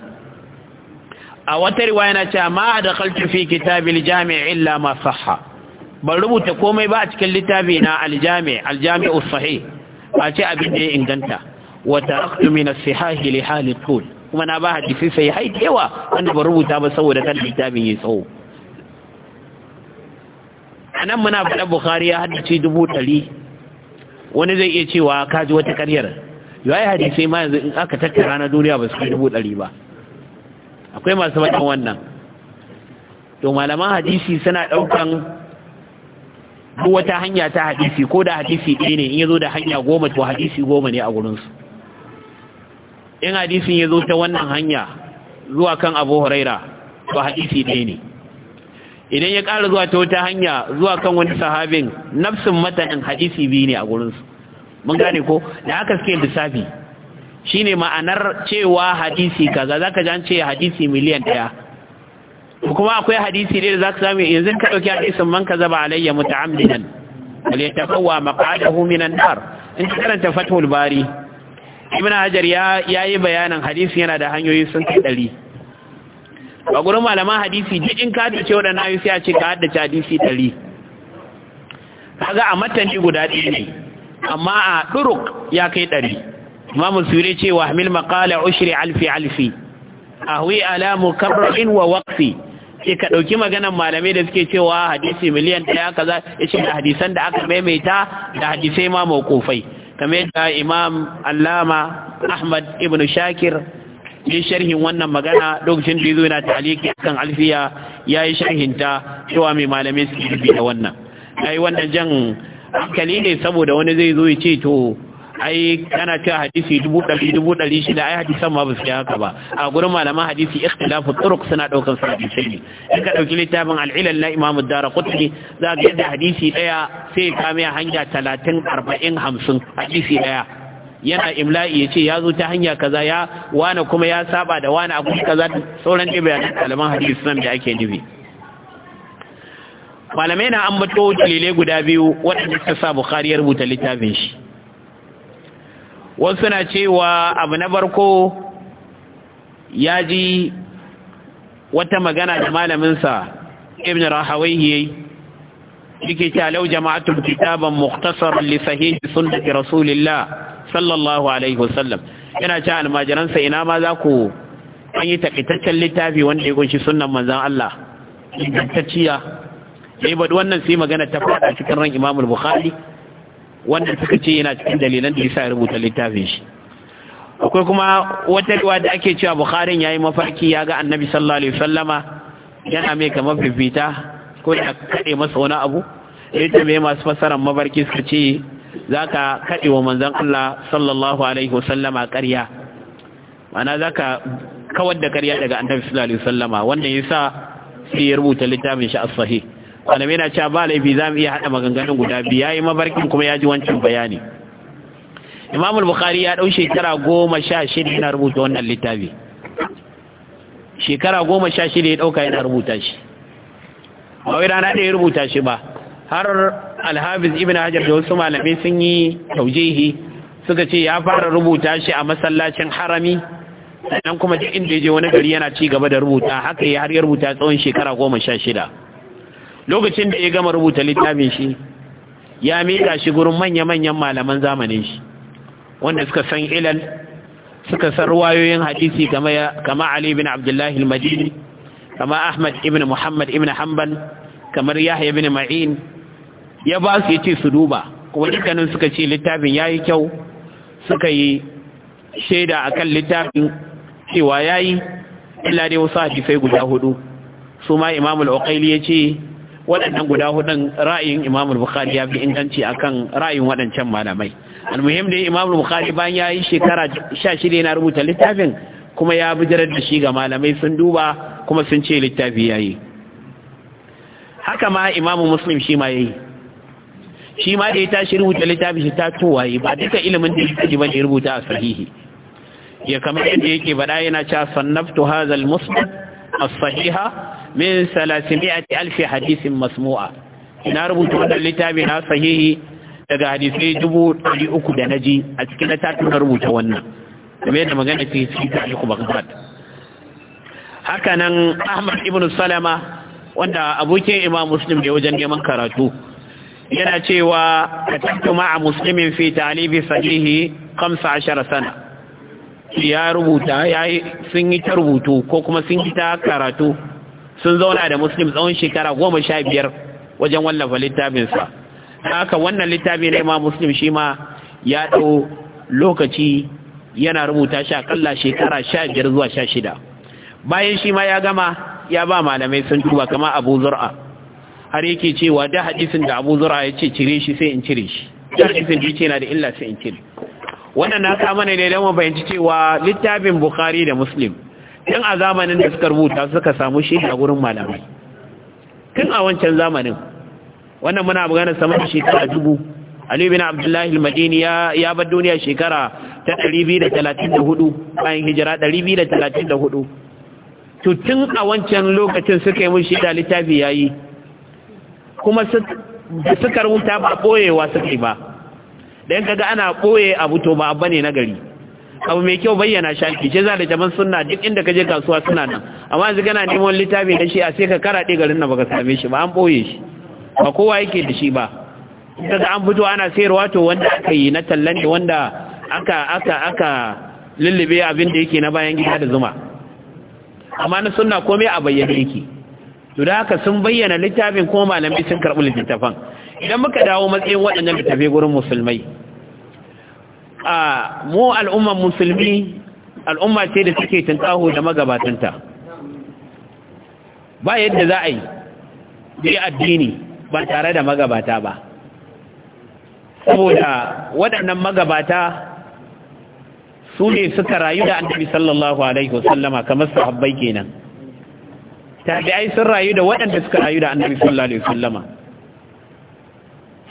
Speaker 2: a wata riwaya na cewa ma adkhaltu fi kitabil jami' illa ma sahha ban rubuta komai ba a cikin littafi na aljami' aljami'us sahih a ce abin da ya inganta wa taraktu min as-sihah li hali tul kuma na ba hadisi sai hai yawa wanda ban rubuta ba saboda kan littafin yi tsawo anan muna faɗa bukhari ya haddace dubu ɗari wani zai iya cewa kaji wata karyar yayi hadisi ma yanzu in aka tattara na duniya ba su kai dubu ɗari ba akwai masu bakin wannan to malaman hadisi suna ɗaukan duk wata hanya ta hadisi ko da hadisi ɗaya ne in ya zo da hanya goma to hadisi goma ne a gurinsu in hadisin ya zo ta wannan hanya zuwa kan abu huraira to hadisi ɗaya ne idan ya ƙara zuwa ta wata hanya zuwa kan wani sahabin nafsin matanin hadisi biyu ne a gurinsu mun gane ko da aka suke lissafi shine ma'anar cewa hadisi kaza zaka ji an ce hadisi miliyan daya kuma akwai hadisi ne da zaka samu yanzu ka dauki hadisin man kaza ba alayya muta'ammidan wal yatafawwa maq'adahu minan nar in karanta fathul bari ibn hajar ya yayi bayanin hadisi yana da hanyoyi sun kai ɗari. a gurin malaman hadisi jikin in ce dace ayu sai a ce ka haddace hadisi dari kaga a matani guda ɗaya ne amma a ɗuruk ya kai ɗari imamu sure ce wa hamil maƙala ushiri alfi alfi A hui alamu mukarrarin wa waksi sai ka ɗauki maganan malamai da suke cewa hadisi miliyan ɗaya za a ce da hadisan da aka maimaita da hadisai ma mawqufai kamar da imam allama ahmad ibn shakir yi sharhin wannan magana lokacin da zo yana taliki kan alfiya ya yi sharhinta cewa mai malamai suke da wannan ai wannan jan hankali ne saboda wani zai zo ya ce to ai kana cewa hadisi dubu ɗari dubu ɗari shida ai hadisan ma ba su haka ba a gurin malaman hadisi ikhtilafu turuq suna ɗaukar su hadisi ne in ka ɗauki littafin al'ilal na imamu dara kutri za ka yadda hadisi ɗaya sai mai hanya talatin arba'in hamsin hadisi ɗaya yana imla'i ya ce ya zo ta hanya kaza ya wani kuma ya saba da wani abu kaza sauran ɗaya bayanan malaman hadisi nan da ake nufi malamai na ambato dalilai guda biyu waɗanda suka sa Bukhari ya rubuta littafin shi wasu na cewa abu na barko ya ji wata magana da malaminsa ibn rahawaihi yayi yake cewa law jama'atul kitaban mukhtasaran rasulillah sallallahu alaihi wasallam yana cewa almajiransa ina ma za ku an yi takaitaccen littafi wanda ya kunshi sunnan manzan Allah ingantacciya da ba wannan sai magana ta fada cikin ran imamul bukhari wanda suka ce yana cikin dalilan da yasa rubuta littafin shi akwai kuma wata riwa da ake cewa ya yayi mafarki ya ga annabi sallallahu alaihi wasallama yana mai kamar fifita ko da kade masa wani abu ita mai masu fasaran mafarki suka ce zaka kade wa manzon Allah sallallahu alaihi wasallama ƙarya ma'ana zaka kawar da ƙarya daga annabi sallallahu alaihi wasallama wannan yasa sai ya rubuta littafin shi as-sahih malamai na cewa ba laifi za mu iya haɗa maganganun guda biyu yayi yi mabarkin kuma ya ji wancan bayani imamul bukhari ya ɗau shekara goma sha shida yana rubuta wannan littafi shekara goma sha shida ya ɗauka yana rubuta shi ba wai rana ɗaya rubuta shi ba har alhafiz ibn hajar da wasu malamai sun yi taujihi suka ce ya fara rubuta shi a masallacin harami sannan kuma duk inda ya je wani gari yana ci gaba da rubuta haka ya har ya rubuta tsawon shekara goma sha shida lokacin da ya gama rubuta littafin shi ya miƙa shi gurin manya-manyan malaman zamanin shi wanda suka san ilal suka san ruwayoyin hadisi kama Ali bin Abdullahi al-Madini kama Ahmad ibn Muhammad ibn Hanbal kamar Yahya ibn Ma'in ya ba su yace su duba kuma dukkanin suka ce littafin yayi kyau suka yi shaida akan littafin cewa yayi illa dai wasu hadisai guda hudu su ma Imam al-Uqayli yace waɗannan guda hudun ra'ayin Imam Bukhari ya fi inganci akan ra'ayin waɗancan malamai almuhim dai Imam Bukhari bayan ya yi shekara 16 yana rubuta littafin kuma ya bijirar da shi ga malamai sun duba kuma sun ce littafi yayi haka ma Imam Muslim shi ma yi, shi ma da ya tashi rubuta littafi shi ta tuwaye ba duka ilimin da yake ba ne rubuta a sahihi ya kamar yadda yake bada yana cewa sannaftu hazal musnad as-sahiha min salasimiyati alfi hadisin masmu'a na rubuta wannan littafi na sahihi daga hadisai dubu ɗari uku da naji a cikin littafin na rubuta wannan game da magana ce cikin tarihi bagdad haka nan ahmad ibn salama wanda abokin imam muslim ne wajen neman karatu yana cewa katattu ma'a muslimin fi talibi sahihi ashara sana ya rubuta ya sun yi ta rubutu ko kuma sun yi ta karatu sun zauna da muslim tsawon shekara goma sha biyar wajen wallafa littafinsa haka wannan littafi na imam muslim shi ma ya ɗau lokaci yana rubuta shi aƙalla shekara sha biyar zuwa sha shida bayan shi ma ya gama ya ba malamai sun tuba kama abu zur'a har yake cewa da hadisin da abu zur'a ya ce cire shi sai in cire shi da hadisin da yake na da illa sai in cire wannan na kama ne da mu cewa littafin bukhari da muslim tun a zamanin da suka rubuta suka samu shi a gurin malamai tun a wancan zamanin wannan muna magana sama da shekara dubu Ali bin abdullahi al-madini ya bar duniya shekara ta 234 bayan hijira 234 to tun a wancan lokacin suka yi mushi da littafi yayi kuma suka rubuta ba boyewa suka yi ba dan kaga ana boye abu to ba abba ne na gari abu mai kyau bayyana shafi ce za da jaman sunna duk inda ka je kasuwa suna nan amma yanzu gana neman littafi da shi a sai ka kara ɗaya garin na baka same shi ba an ɓoye shi ba kowa yake da shi ba daga an fito ana sayarwa to wanda aka yi na tallan ne wanda aka aka aka lullube abin da yake na bayan gida da zuma amma na sunna komai a bayyana yake to da haka sun bayyana littafin kuma malamai sun karɓi littafan idan muka dawo matsayin waɗannan littafai gurin musulmai a mu al'ummar musulmi al'umma ce da suke tuntaho da magabatanta ba yadda za a yi bi addini ba tare da magabata ba
Speaker 1: saboda
Speaker 2: waɗannan magabata su ne suka rayu da annabi sallallahu alaihi wasallama kamar sahabbai kenan tabi'ai sun rayu da waɗanda suka rayu da annabi sallallahu alaihi wasallama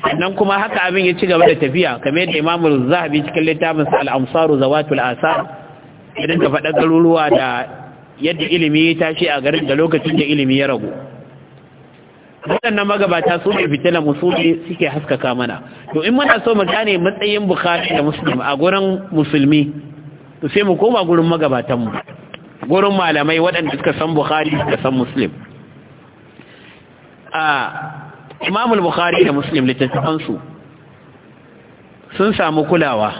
Speaker 2: sannan kuma haka abin ya ci gaba da tafiya kamar yadda imamul zahabi cikin littafin sa al-amsaru zawatul asar idan ka faɗa garuruwa da yadda ilimi ya tashi a garin da lokacin da ilimi ya ragu waɗannan magabata su ne fitila musulmi suke haskaka mana to in muna so mu gane matsayin bukhari da muslim a gurin musulmi to sai mu koma gurin magabatan mu gurin malamai waɗanda suka san bukhari suka san muslim a ah, Imam al-Bukhari da Muslim littafan su sun samu kulawa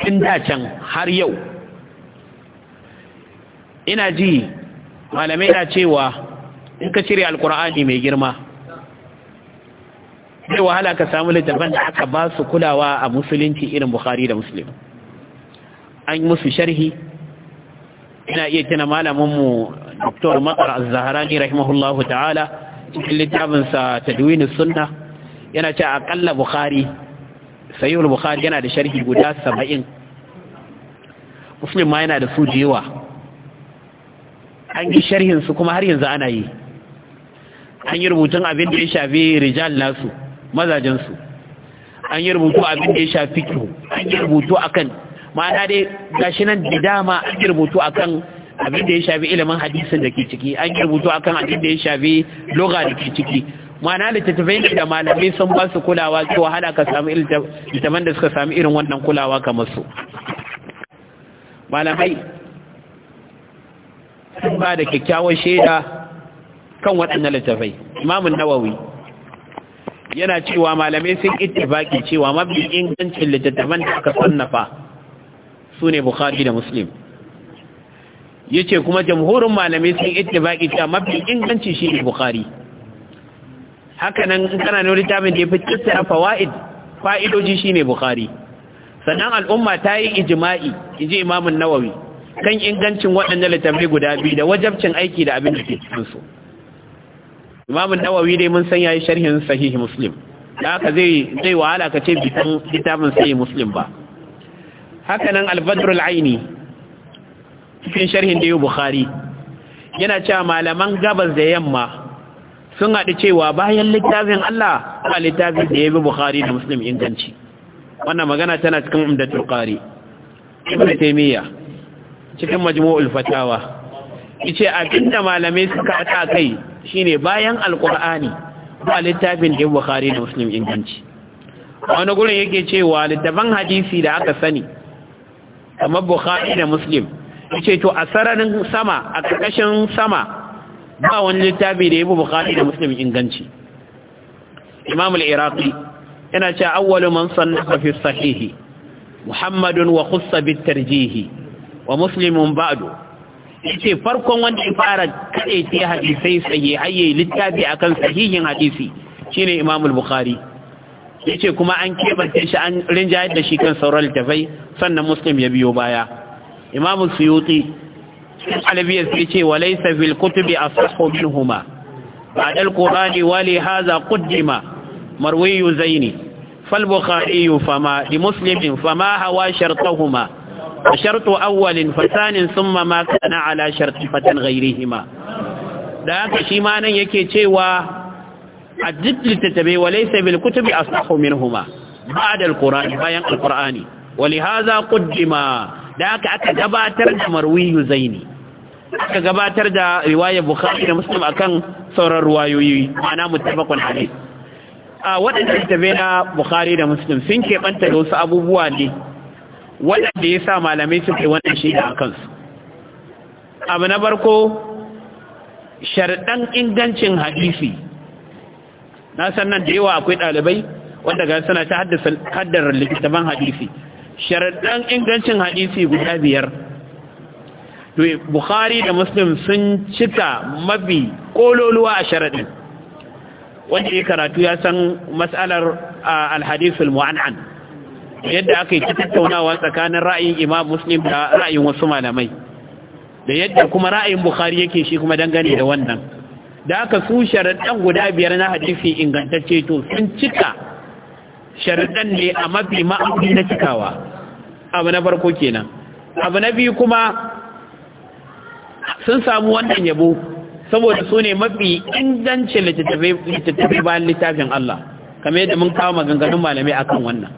Speaker 2: tun da can har yau ina ji malamai na cewa in ka cire alkur'ani mai girma zai wahala ka samu littafan da aka ba su kulawa a musulunci irin bukhari da muslim an yi musu sharhi ina iya tuna malaminmu dr matsar zaharani rahimahullahu ta'ala cikin littafinsa tadwinus sunna yana cewa akalla bukhari sayyul bukhari yana da sharhi guda 70 muslim ma yana da su jewa an yi sharhin su kuma har yanzu ana yi an yi rubutun abin da ya shafi rijal nasu mazajen su an yi rubutu abin da ya shafi kyau, an yi rubutu akan ma'ana dai gashi nan da dama an yi rubutu akan abin da ya shafi ilimin hadisin da ke ciki an yi rubutu a kan abin da ya shafi loga da ke ciki ma'ana littattafai ne da malamai sun ba su kulawa ko wahala ka samu littattafan da suka samu irin wannan kulawa kamar su malamai sun ba da kyakkyawar shaida kan waɗannan littattafai imamun nawawi yana cewa malamai sun ittifaki cewa mafi ingancin littattafan da aka sannafa su ne bukhari da muslim yace kuma jamhurin malamai sun ittifaqi cewa mafi inganci shi ne bukhari haka nan in kana neman littafin da yafi tsara fawaid fa'idoji shine bukhari sannan al'umma ta yi ijma'i inji imam an-nawawi kan ingancin waɗannan littafai guda biyu da wajabcin aiki da abin da ke cikin su imam an-nawawi dai mun san yayi sharhin sahih muslim da haka zai zai wahala ka ce bitan littafin sahih muslim ba haka nan al-badr al-aini cikin sharhin da yi bukhari yana cewa malaman gabas da yamma sun haɗu cewa bayan littafin Allah a littafin da ya bi bukhari da muslim inganci wannan magana tana cikin umdatul turkari, cikin taimiyya, cikin majmu'ul fatawa yace da malamai suka ta kai shine bayan alqur'ani a littafin da ya bukhari da muslim inganci a wani gurin yake cewa littafin hadisi da aka sani kamar bukhari da muslim ce to a sararin sama a ƙarƙashin sama ba wani littafi da ya bu buƙari da muslim inganci Imamul Iraki yana ce awwalu man sannafa fi sahihi muhammadun wa khussa bit tarjihi wa muslimun ba'du yace farkon wanda ya fara kade ce hadisi sai hayye littafi akan sahihin hadisi shine Imamul bukhari yace kuma an kebance shi an rinjayar da shi kan sauraron littafai sannan muslim ya biyo baya imam suyuti alabiya sai ce wa laysa fil kutubi asahhu minhuma ba'da al-qur'ani wa li hadha qaddima marwi zaini fal yi fama li muslimin fama hawa shartahuma شرط أول فثان ثم ما كان على شرط فتن غيرهما da haka shi ma nan yake cewa a duk littattafai wa laisa bil kutubi a minhuma ba'da al-qur'an bayan al-qur'ani wa li hadha qaddima da aka aka gabatar da marwiyu zaini aka gabatar da riwaya bukhari da muslim akan sauran ruwayoyi ma'ana muttafaqun alayh a waɗanda tabe na bukhari da muslim sun keɓanta da wasu abubuwa ne waɗanda ya sa malamai kai wannan shi da kansu abu na barko sharɗan ingancin hadisi na sannan da yawa akwai ɗalibai wanda ga suna ta haddar littattafan hadisi sharaddan ingancin hadisi guda biyar to bukhari da muslim sun cika mabi kololuwa a sharaddin wanda ya karatu ya san matsalar alhadisul mu'an'an yadda aka tattaunawa tsakanin ra'ayin imam muslim da ra'ayin wasu malamai da yadda kuma ra'ayin bukhari yake shi kuma dangane da wannan da aka su sharaddan guda biyar na hadisi ingantacce to sun cika sharaɗan ne a mafi ma'auni na cikawa abu na farko kenan abu na biyu kuma sun samu wannan yabo saboda su ne mafi inganci littattafai bayan littafin Allah kamar yadda mun kawo maganganun malamai akan wannan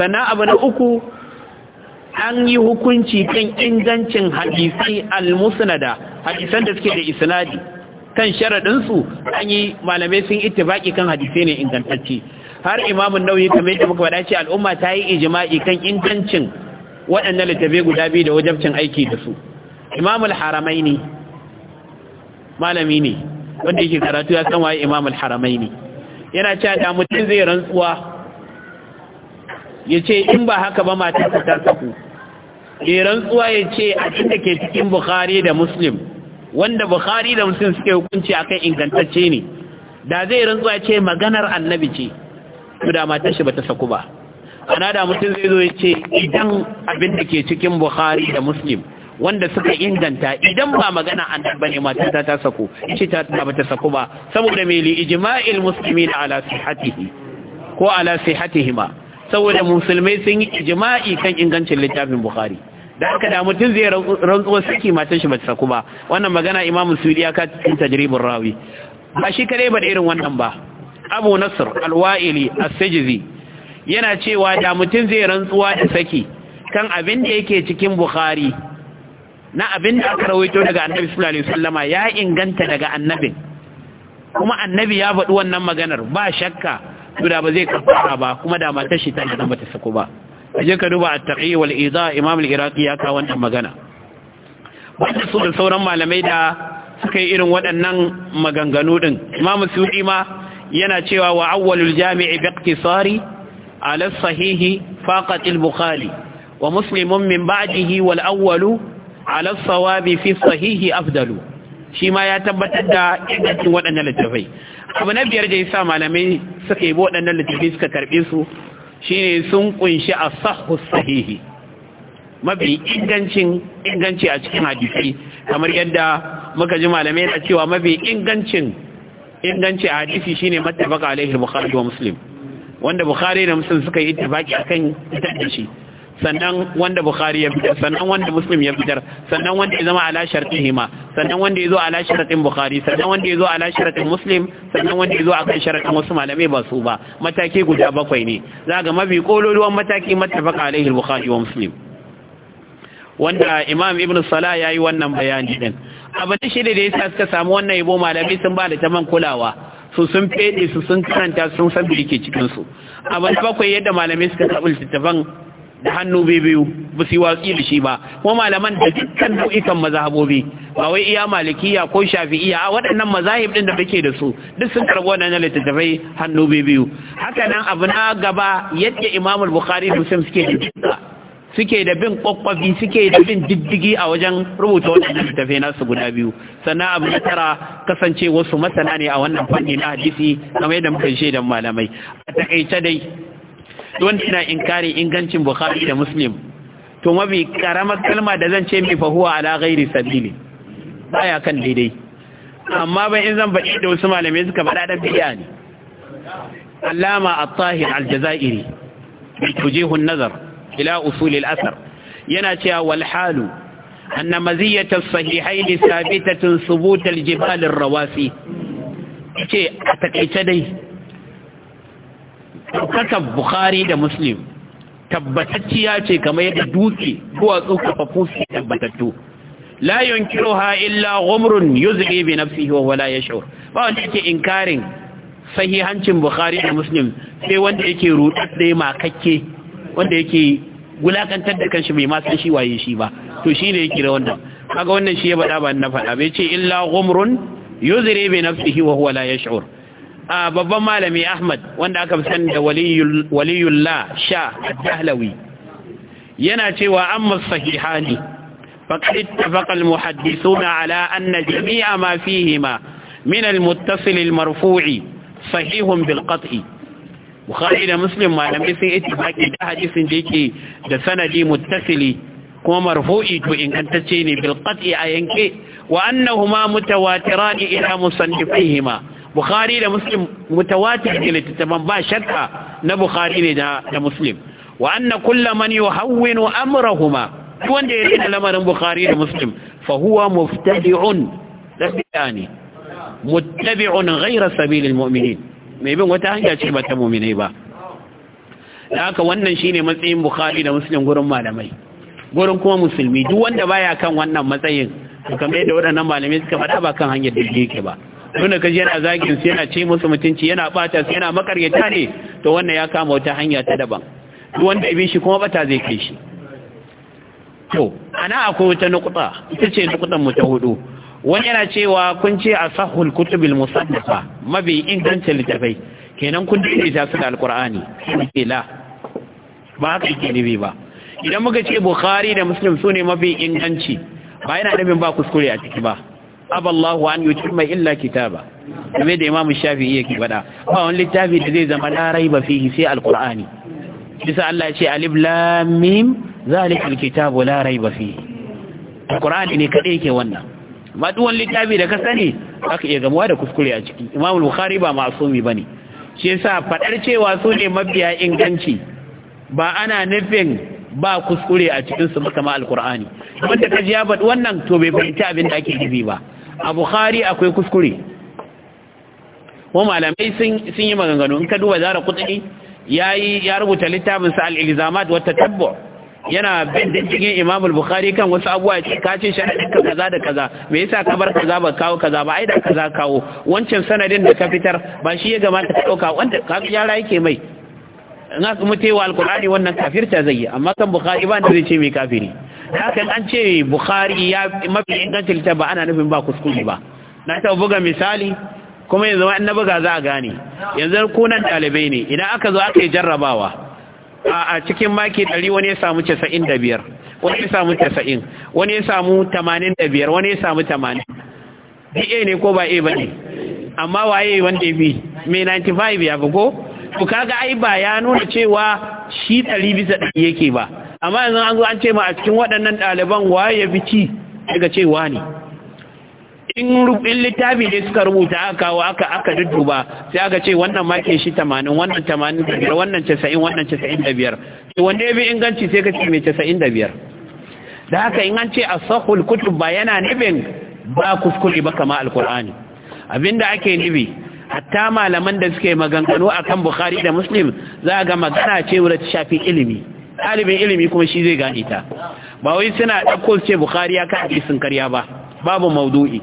Speaker 2: sannan abu na uku an yi hukunci kan ingancin hadisai al-musnada hadisan da suke da isnadi kan sharaɗinsu an yi malamai sun baƙi kan hadisai ne ingantacce har imamun nauyi kamar yadda muka faɗa ce al'umma ta yi ijima'i kan ingancin waɗannan littafi guda biyu da wajabcin aiki da su imamul haramai ne malami ne wanda yake karatu ya san waye imamul haramai ne yana cewa da mutum zai rantsuwa ya ce in ba haka ba mata ta saku ya rantsuwa ya ce a inda ke cikin bukhari da muslim wanda bukhari da muslim suke hukunci akan ingantacce ne da zai rantsuwa ce maganar annabi ce to da matar shi bata saku ba ana da mutum zai zo ya ce idan abin da ke cikin bukhari da muslim wanda suka inganta idan ba magana annan bane matar ta ta saku ce ta ta bata saku ba saboda me li ijma'il muslimin ala sihhatihi ko ala sihhatihima saboda musulmai sun yi ijma'i kan ingancin littafin bukhari da aka da mutum zai rantsuwa saki matan shi bata saku ba wannan magana imamu suyudi ka ka tajribin rawi ba shi kare ba da irin wannan ba abu nasir alwa'ili as sejizi yana cewa da mutum zai rantsuwa da saki kan abin da yake cikin bukhari na abin da aka rawaito daga annabi sallallahu alaihi ya inganta daga annabin kuma annabi ya faɗi wannan maganar ba shakka to da ba zai kafara ba kuma da mata shi ta da bata sako ba aje ka duba at-taqi wal iza imam al-iraqi ya kawo wannan magana wanda su da sauran malamai da suka yi irin waɗannan maganganu din imam ma yana cewa wa awwalul jami'i biqtisari ala sahihi faqat al-bukhari wa muslimun min ba'dihi wal awwalu ala sawabi fi sahihi afdalu shi ma ya tabbatar da ingancin waɗannan littafai abu na biyar da yasa malamai suka yi waɗannan littafai suka karbe su shine sun kunshi as-sahhu sahihi mafi ingancin inganci a cikin hadisi kamar yadda muka ji malamai na cewa mafi ingancin inganci a hadisi shi shine mattafaqa alaihi bukhari wa muslim wanda bukhari da muslim suka yi ittifaki akan ita da shi sannan wanda bukhari ya fitar sannan wanda muslim ya fitar sannan wanda ya zama ala shartihima sannan wanda ya zo ala sharatin bukhari sannan wanda ya zo ala sharatin muslim sannan wanda ya zo a kan sharatin wasu malamai ba su ba mataki guda bakwai ne za ga mafi kololuwan mataki mattafaqa alaihi bukhari wa muslim wanda imam ibn salah yayi wannan bayani din abu shirya shida da sa suka samu wannan yabo malamai sun ba da ta man kulawa su sun fede su sun karanta sun san biyu ke cikin su abu ta bakwai yadda malamai suka karɓi littattafan da hannu biyu ba su yi watsi da shi ba kuma malaman da dukkan nau'ikan mazahabobi ba wai iya malikiya ko shafi'iya a waɗannan mazahib ɗin da muke da su duk sun karɓi na littattafai hannu biyu haka nan abu na gaba yadda imamul bukhari muslim suke da suke da bin kwakwabi suke da bin diddigi a wajen rubuta waɗannan littafi nasu guda biyu sannan abu na tara kasance wasu masana ne a wannan fanni na hadisi kamar yadda muka shaidan malamai a takaice dai wanda in inkari ingancin bukhari da muslim to mafi karamar kalma da zan ce mai fahuwa ala ghairi sabili baya kan daidai amma bai in zan baɗi da wasu malamai suka faɗa da biya ne allama at-tahir al-jazairi tujihun nazar ila usulil asar yana cewa wal halu anna maziyata sahihaini sabitatun subutal jibalir rawasi ce a takaice dai Kaka bukhari da muslim tabbatacciya ce kamar yadda duki kuwa kafafu su tabbatattu la ha illa umrun yuzghi bi nafsihi wa la yash'ur ba wanda yake inkarin sahihancin bukhari da muslim sai wanda yake rudadde makakke wanda yake wulakantar da kanshi bai masan shi waye shi ba to shi ne ya da wannan kaga wannan shi ya bada ba na fada bai ce illa ghumrun yuzri bi nafsihi wa huwa la yash'ur a babban malami Ahmad wanda aka san da waliyul waliyullah sha dahlawi yana cewa amma sahihani faqad ittafaqa al muhaddithuna ala anna jami'a ma fihima min al muttasil al marfu'i sahihun bil qat'i bukhari da muslim malamai sun yi tibaki da hadisin da yake da sanadi muttasili kuma marfu'i to ingantacce ne bil qat'i a yanke wa annahuma mutawatirani ila musannifihima bukhari da muslim mutawatir ne littattafan ba shakka na bukhari ne da muslim wa anna kullu man yuhawwinu amrahuma wanda ya rina lamarin bukhari da muslim fa huwa muftadi'un da ne muttabi'un ghayra sabilil mu'minin mai bin wata hanya ce ba ta muminai ba da haka wannan shi ne matsayin bukhari da musulun gurin malamai gurin kuma musulmi duk wanda baya kan wannan matsayin kamar da waɗannan malamai suka faɗa ba kan hanyar da yake ba da ka ji yana zagin su yana ce musu mutunci yana bata su yana makaryata ne to wannan ya kama wata hanya ta daban duk wanda bi shi kuma bata zai kai shi to ana akwai wata nukuta ita ce nukutan mu ta hudu wani yana cewa kun ce a sahul kutubil musannafa mabi inganta littafai kenan kun daidaita su da alkur'ani ke la ba haka yake nufi ba idan muka ce bukhari da muslim su ne mafi inganci ba yana nufin ba kuskure a ciki ba aballahu an mai illa kitaba game da imamu iya yake faɗa ba wani littafi da zai zama larai ba fihi sai alkur'ani bisa Allah ce alif lam mim zalikal kitabu la raiba fihi alkur'ani ne kadai yake wannan maduwan littafi da ka sani aka iya gamuwa da kuskure a ciki imam bukhari ba masumi bane shi yasa fadar cewa su ne mabiya inganci ba ana nufin ba kuskure a cikin su kama alqur'ani wanda kaji ya ba wannan to bai fahimta abin da ake nufi ba a bukhari akwai kuskure wa malamai sun sun yi maganganu in ka duba zara kutsi yayi ya rubuta littafin sa al-ilzamat wa tatabbu' yana bin dindigin Imam bukhari kan wasu abuwa ka ce sharadin kaza da kaza me yasa ka bar kaza ba kawo kaza ba ai da kaza kawo wancan sanadin da ka fitar ba shi ya gamata ka dauka wanda ka yara ke mai in aka wa alkur'ani wannan kafirta zai yi amma kan bukhari ba da zai ce mai kafiri hakan an ce bukhari ya mafi ingancin ta ba ana nufin ba kuskure ba na ta buga misali kuma yanzu in na buga za a gane yanzu kunan ɗalibai ne idan aka zo aka jarrabawa a cikin maki 100 wani ya samu 95 wani ya samu 90 wani ya samu 85 wani ya samu 80 DA ne ko ba A ne amma waye wanda bi mai 95 ya fi ko to kaga ai ba ya nuna cewa shi 100 bisa 100 yake ba amma yanzu an zo an ce ma a cikin waɗannan ɗaliban waye ya fi ci daga cewa ne in rubin littafi ne suka rubuta aka kawo aka aka dudduba sai aka ce wannan ke shi tamanin, wannan tamanin da biyar, wannan casa'in, wannan casa'in da biyar. to wanda ya bi inganci sai ka ce mai casa'in da biyar. da haka in an ce as-sahul kutub ba yana nufin ba kuskure ba kama alkur'ani abinda ake nufi hatta malaman da suke maganganu akan bukhari da muslim za ga magana ce wurin shafi ilimi ɗalibin ilimi kuma shi zai gane ta ba wai suna ɗauko ce Bukhari ya ka hadisin karya ba babu maudu'i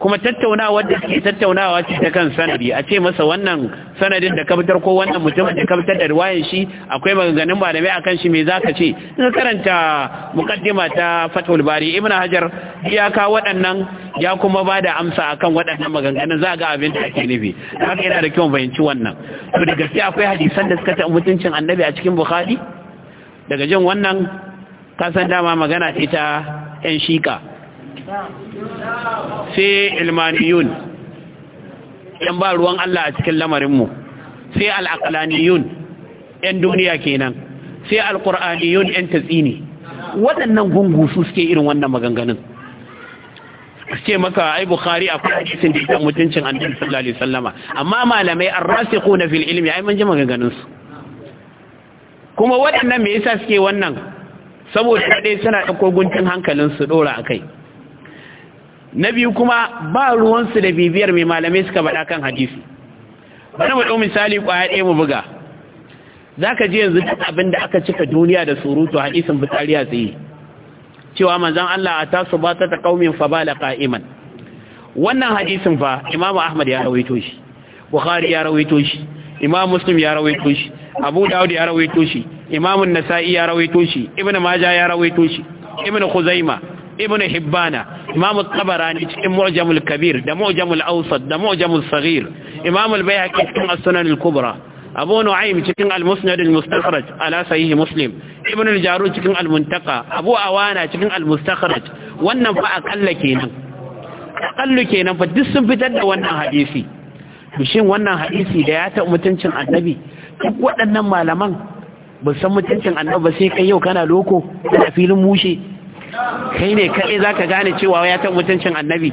Speaker 2: kuma tattaunawa da suke tattaunawa ce ta kan sanadi a ce masa wannan sanadin da ka fitar ko wannan mutumin da ka fitar da riwayan shi akwai maganganun malamai akan shi me zaka ce in karanta muqaddima ta Fathul Bari Ibn Hajar ya ka waɗannan ya kuma bada amsa akan waɗannan maganganun za ga abin da ake nufi haka yana da kyau bayanci wannan to da gaskiya akwai hadisan da suka ta mutuncin Annabi a cikin Bukhari daga jin wannan ka san dama magana ce ta 'yan shika sai ilmaniyun yan ba ruwan Allah a cikin lamarinmu sai al’aƙalaniyun yan duniya kenan sai alqur'aniyun yan tatsini waɗannan gungu su suke irin wannan maganganun suke maka ai bukhari akwai hadisin da ya mutuncin annabi sallallahu alaihi wasallama amma malamai ar-rasikhuna fil ilmi ai mun ji maganganun su kuma waɗannan me yasa suke wannan saboda dai suna ɗauko guntun hankalin su ɗora a kai na biyu kuma ba ruwansu da bibiyar mai malamai suka baɗa kan hadisi bari mu ɗau misali ƙwaya ɗaya mu buga za ka ji yanzu duk abin da aka cika duniya da surutu hadisin fitsariya tsaye cewa manzan Allah a tasu ba ta taƙaumin fa ba da ƙa'iman wannan hadisin fa imamu ahmad ya rawaito shi bukhari ya rawaito shi imam muslim ya rawaito shi abu dawud ya rawaito shi imam nasa'i ya rawaito shi ibn majah ya rawaito shi ibn khuzaima ibn hibbana imam tabarani cikin mu'jamul kabir da mu'jamul awsat da mu'jamul saghir imam al-bayhaqi cikin as-sunan al-kubra abu nu'aym cikin al-musnad al-mustakhraj ala sahih muslim ibn al-jarud cikin al-muntaqa abu awana cikin al-mustakhraj wannan fa akalla kenan akallu kenan fa duk sun fitar da wannan hadisi shin wannan hadisi da ya ta mutuncin annabi duk waɗannan malaman ba san mutuncin annabi ba sai kai yau kana loko kana filin mushe kai ne kaɗai za ka gane cewa ya taɓa mutuncin annabi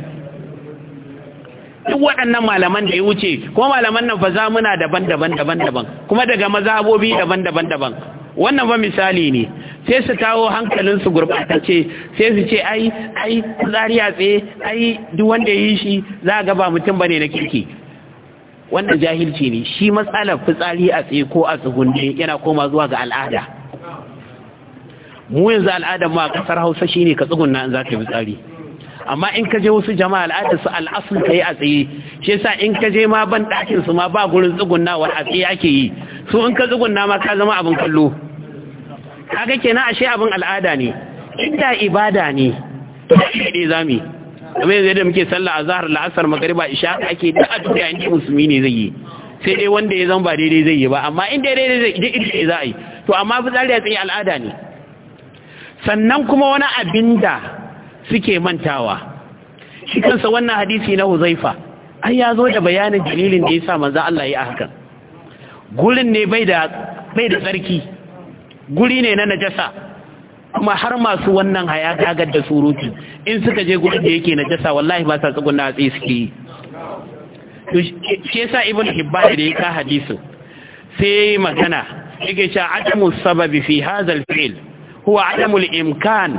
Speaker 2: duk waɗannan malaman da ya wuce kuma malaman nan fa zamuna daban-daban daban-daban kuma daga abobi daban-daban daban wannan ba misali ne sai su kawo hankalinsu gurɓatacce sai su ce ai ai tsari a tsaye ai duk wanda ya yi shi za ga ba mutum bane na kirki wannan jahilci ne shi matsalar fitsari a tsaye ko a tsugunne yana koma zuwa ga al'ada mu yanzu al'adar mu a kasar hausa shine ka tsugunna in za ka bi tsari amma in ka je wasu jama'a al'adar su al'asul ka yi a tsaye shi yasa in ka je ma ban ɗakin su ma ba gurin wa a tsaye ake yi su in ka tsugunna ma ka zama abin kallo kaga kenan ashe abin al'ada ne inda ibada ne to za mu zami kamar yanzu yadda muke sallah a zahar la'asar magariba isha ake da addu'a in musulmi ne zai yi sai dai wanda ya zama ba daidai zai yi ba amma in daidai zai yi za a yi to amma fitsari a tsaye al'ada ne sannan kuma wani abin da suke mantawa shi kansa wannan hadisi na huzaifa an ya zo da bayanin dalilin da ya sa manzo Allah ya hakan gurin ne bai da tsarki guri ne na najasa kuma har masu wannan haya gagar da surutu in suka je gurin da yake najasa wallahi ba sa tsuguna suke yi shi yasa ibn da ya ka hadisu sai magana yake cewa adamu sababi fi hazal fil huwa adamul imkan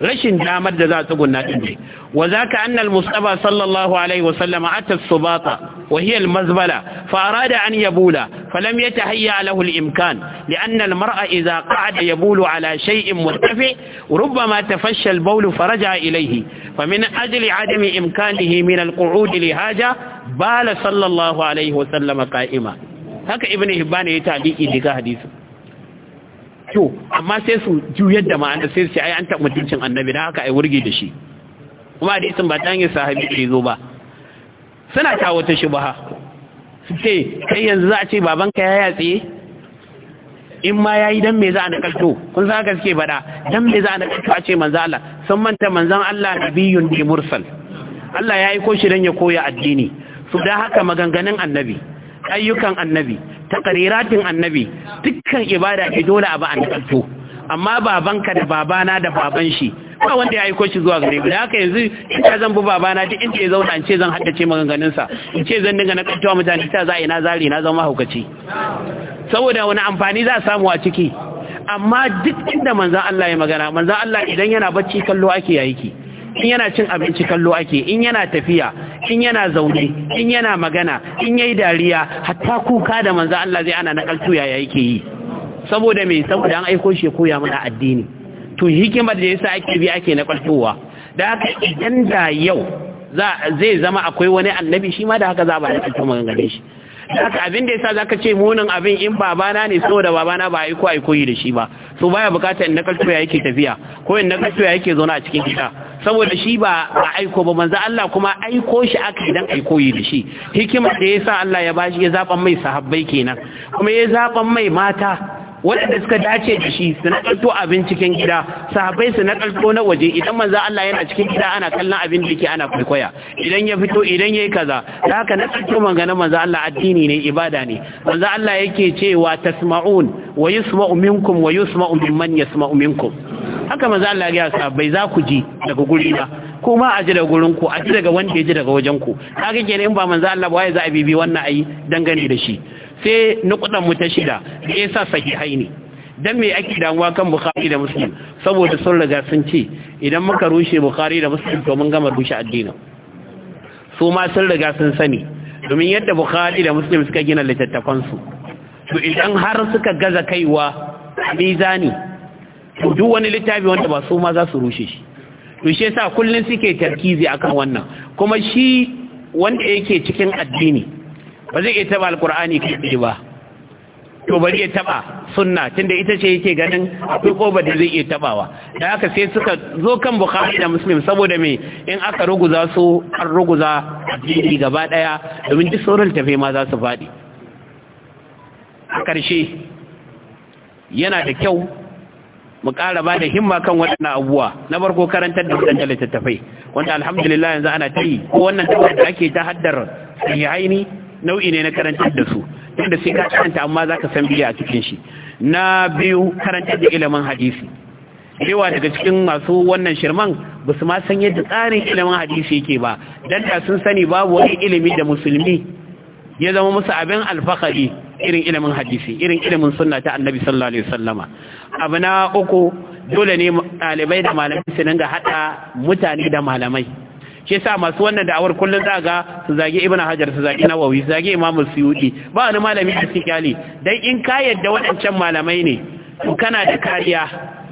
Speaker 2: rashin damar da za a tsugunna din ne wa zaka anna al-mustafa sallallahu alaihi wa sallam ata subata wa hiya al-mazbala fa arada an yabula falam yatahayya lahu al-imkan lianna al-mar'a idha qa'ada yabulu ala shay'in murtafi rubbama tafashsha al-bawl faraja ilayhi min ajli adami imkanihi min al-qu'ud li haja bala sallallahu alaihi wa sallam qa'ima haka ibn hibban ya ta'liqi diga hadisi to amma sai su juyar da ma'ana sai su ce ai an taɓa mutuncin annabi da haka ai wurge da shi kuma da isin ba ta hanyar sahabi da zo ba suna ta wata shubaha su ce kai yanzu za a ce babanka ya yatsi in ma ya yi don me za a to kun za ka suke faɗa don me za a to a ce manzan Allah sun manta manzan Allah nabiyun ne mursal Allah ya yi ko shi don ya koya addini su da haka maganganun annabi ayyukan annabi takariratin annabi dukkan ibada ke dole ba an karto amma babanka da babana da baban shi ba wanda ya aiko shi zuwa gare mu da haka yanzu in zan bi babana duk inda ya zauna in ce zan haddace maganganun sa in ce zan dinga na kantawa mutane ta za a ina zari na zama haukaci saboda wani amfani za a samu a ciki amma duk inda manzan Allah ya magana manzan Allah idan yana bacci kallo ake yaki in yana cin abinci kallo ake in yana tafiya in yana zaune in yana magana in yayi dariya hatta kuka da manzo Allah zai ana nakaltu yaya yake yi saboda me saboda an aiko shi koya mana addini to hikimar da yasa ake bi ake nakaltowa da haka idan da yau zai zama akwai wani annabi shi ma da haka za ba ba nakaltu maganganin shi da haka abin da yasa zaka ce munin abin in babana ne saboda babana ba aiko aiko yi da shi ba so baya bukata in nakal ya yake tafiya ko in nakal ya yake zauna a cikin gida saboda shi ba a aiko ba manzo Allah kuma aiko shi aka idan ai koyi da shi Hikima da yasa Allah ya bashi ya zaban mai sahabbai kenan kuma ya zaban mai mata waɗanda suka dace da shi su ɗalto abin cikin gida sahabai su ɗalto na waje idan manzo Allah yana cikin gida ana kallon abin da yake ana kwaikwaya idan ya fito idan yayi kaza da haka ɗalto maganar manzo Allah addini ne ibada ne manzo Allah yake cewa tasma'un wa yusma'u minkum wa yusma'u mimman yasma'u minkum haka manzo Allah ya sa bai za ku ji daga guri ko kuma a ji daga gurin ku a ji daga wanda ya ji daga wajen ku kaga kenan in ba manzo Allah ba wai za a bibi wannan ayi dangane da shi sai nukudan mu ta shida da sa sahihai ne dan mai ake damuwa kan bukhari da muslim saboda sun riga sun ce idan muka rushe bukhari da muslim to mun gama rushe addinin su ma sun riga sun sani domin yadda bukhari da muslim suka gina littattafansu. to idan har suka gaza kaiwa mizani to duk wani littafi wanda ba su ma za su rushe shi to shi yasa kullun suke tarkizi akan wannan kuma shi wanda yake cikin addini ba zai iya taba alkur'ani kai ba to bari ya taba sunna tunda ita ce yake ganin akwai koba da zai iya tabawa da haka sai suka zo kan bukhari da muslim saboda me in aka ruguza su an ruguza addini gaba daya domin duk sauran tafe ma za su faɗi a ƙarshe yana da kyau mu ƙara ba da himma kan waɗannan abuwa na barko karantar da waɗannan littattafai wanda alhamdulillah yanzu ana ta yi ko wannan da ake ta haddar sahihaini nau'i ne na karantar da su inda sai ka karanta amma za ka san biya a cikin shi na biyu karantar da ilimin hadisi yawa daga cikin masu wannan shirman ba su ma san yadda tsarin ilimin hadisi yake ba dan da sun sani babu wani ilimi da musulmi ya zama musu abin alfahari irin ilimin hadisi irin ilimin sunna ta annabi sallallahu alaihi wasallama abu na uku dole ne ɗalibai da malamai su dinga haɗa mutane da malamai Ke sa masu wannan da'awar kullum za ga su zage ibn hajar su zage nawawi su zage imamu suyuti ba wani malami da su kyali dan in ka yadda waɗancan malamai ne kana da kariya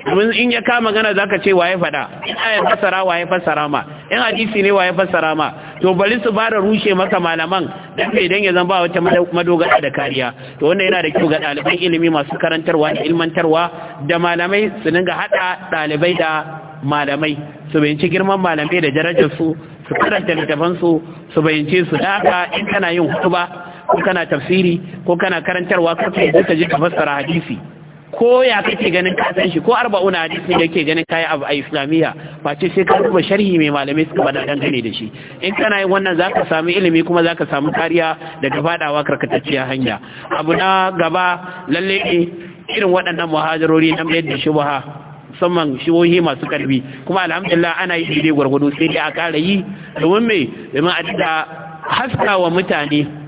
Speaker 2: domin in ya kama gana za ka ce waye faɗa
Speaker 3: in ayar fassara
Speaker 2: waye fassara ma in hadisi ne waye fassara ma to bari su bada rushe maka malaman dan mai dan ya zan ba wata madogara da kariya to wannan yana da kyau ga ɗaliban ilimi masu karantarwa da ilmantarwa da malamai su dinga haɗa ɗalibai da malamai su bayanci girman malamai da darajar su su karanta littafan su su bayance su da haka in kana yin hutuba ko kana tafsiri ko kana karantarwa kar ka je ka fassara hadisi ko ya kake ganin ka san shi ko arba'una hadisi ne yake ganin kai abu a islamiyya ba ce sai ka rubuta sharhi mai malamai suka bada dangane da shi in kana yin wannan zaka samu ilimi kuma zaka samu kariya daga fadawa karkatacciya hanya abu na gaba lalle ne irin waɗannan muhajirori nan mayar da shubha musamman shiwohi masu karbi kuma alhamdulillah ana yi daidai gwargwado sai dai a ƙara yi domin me domin a haska wa mutane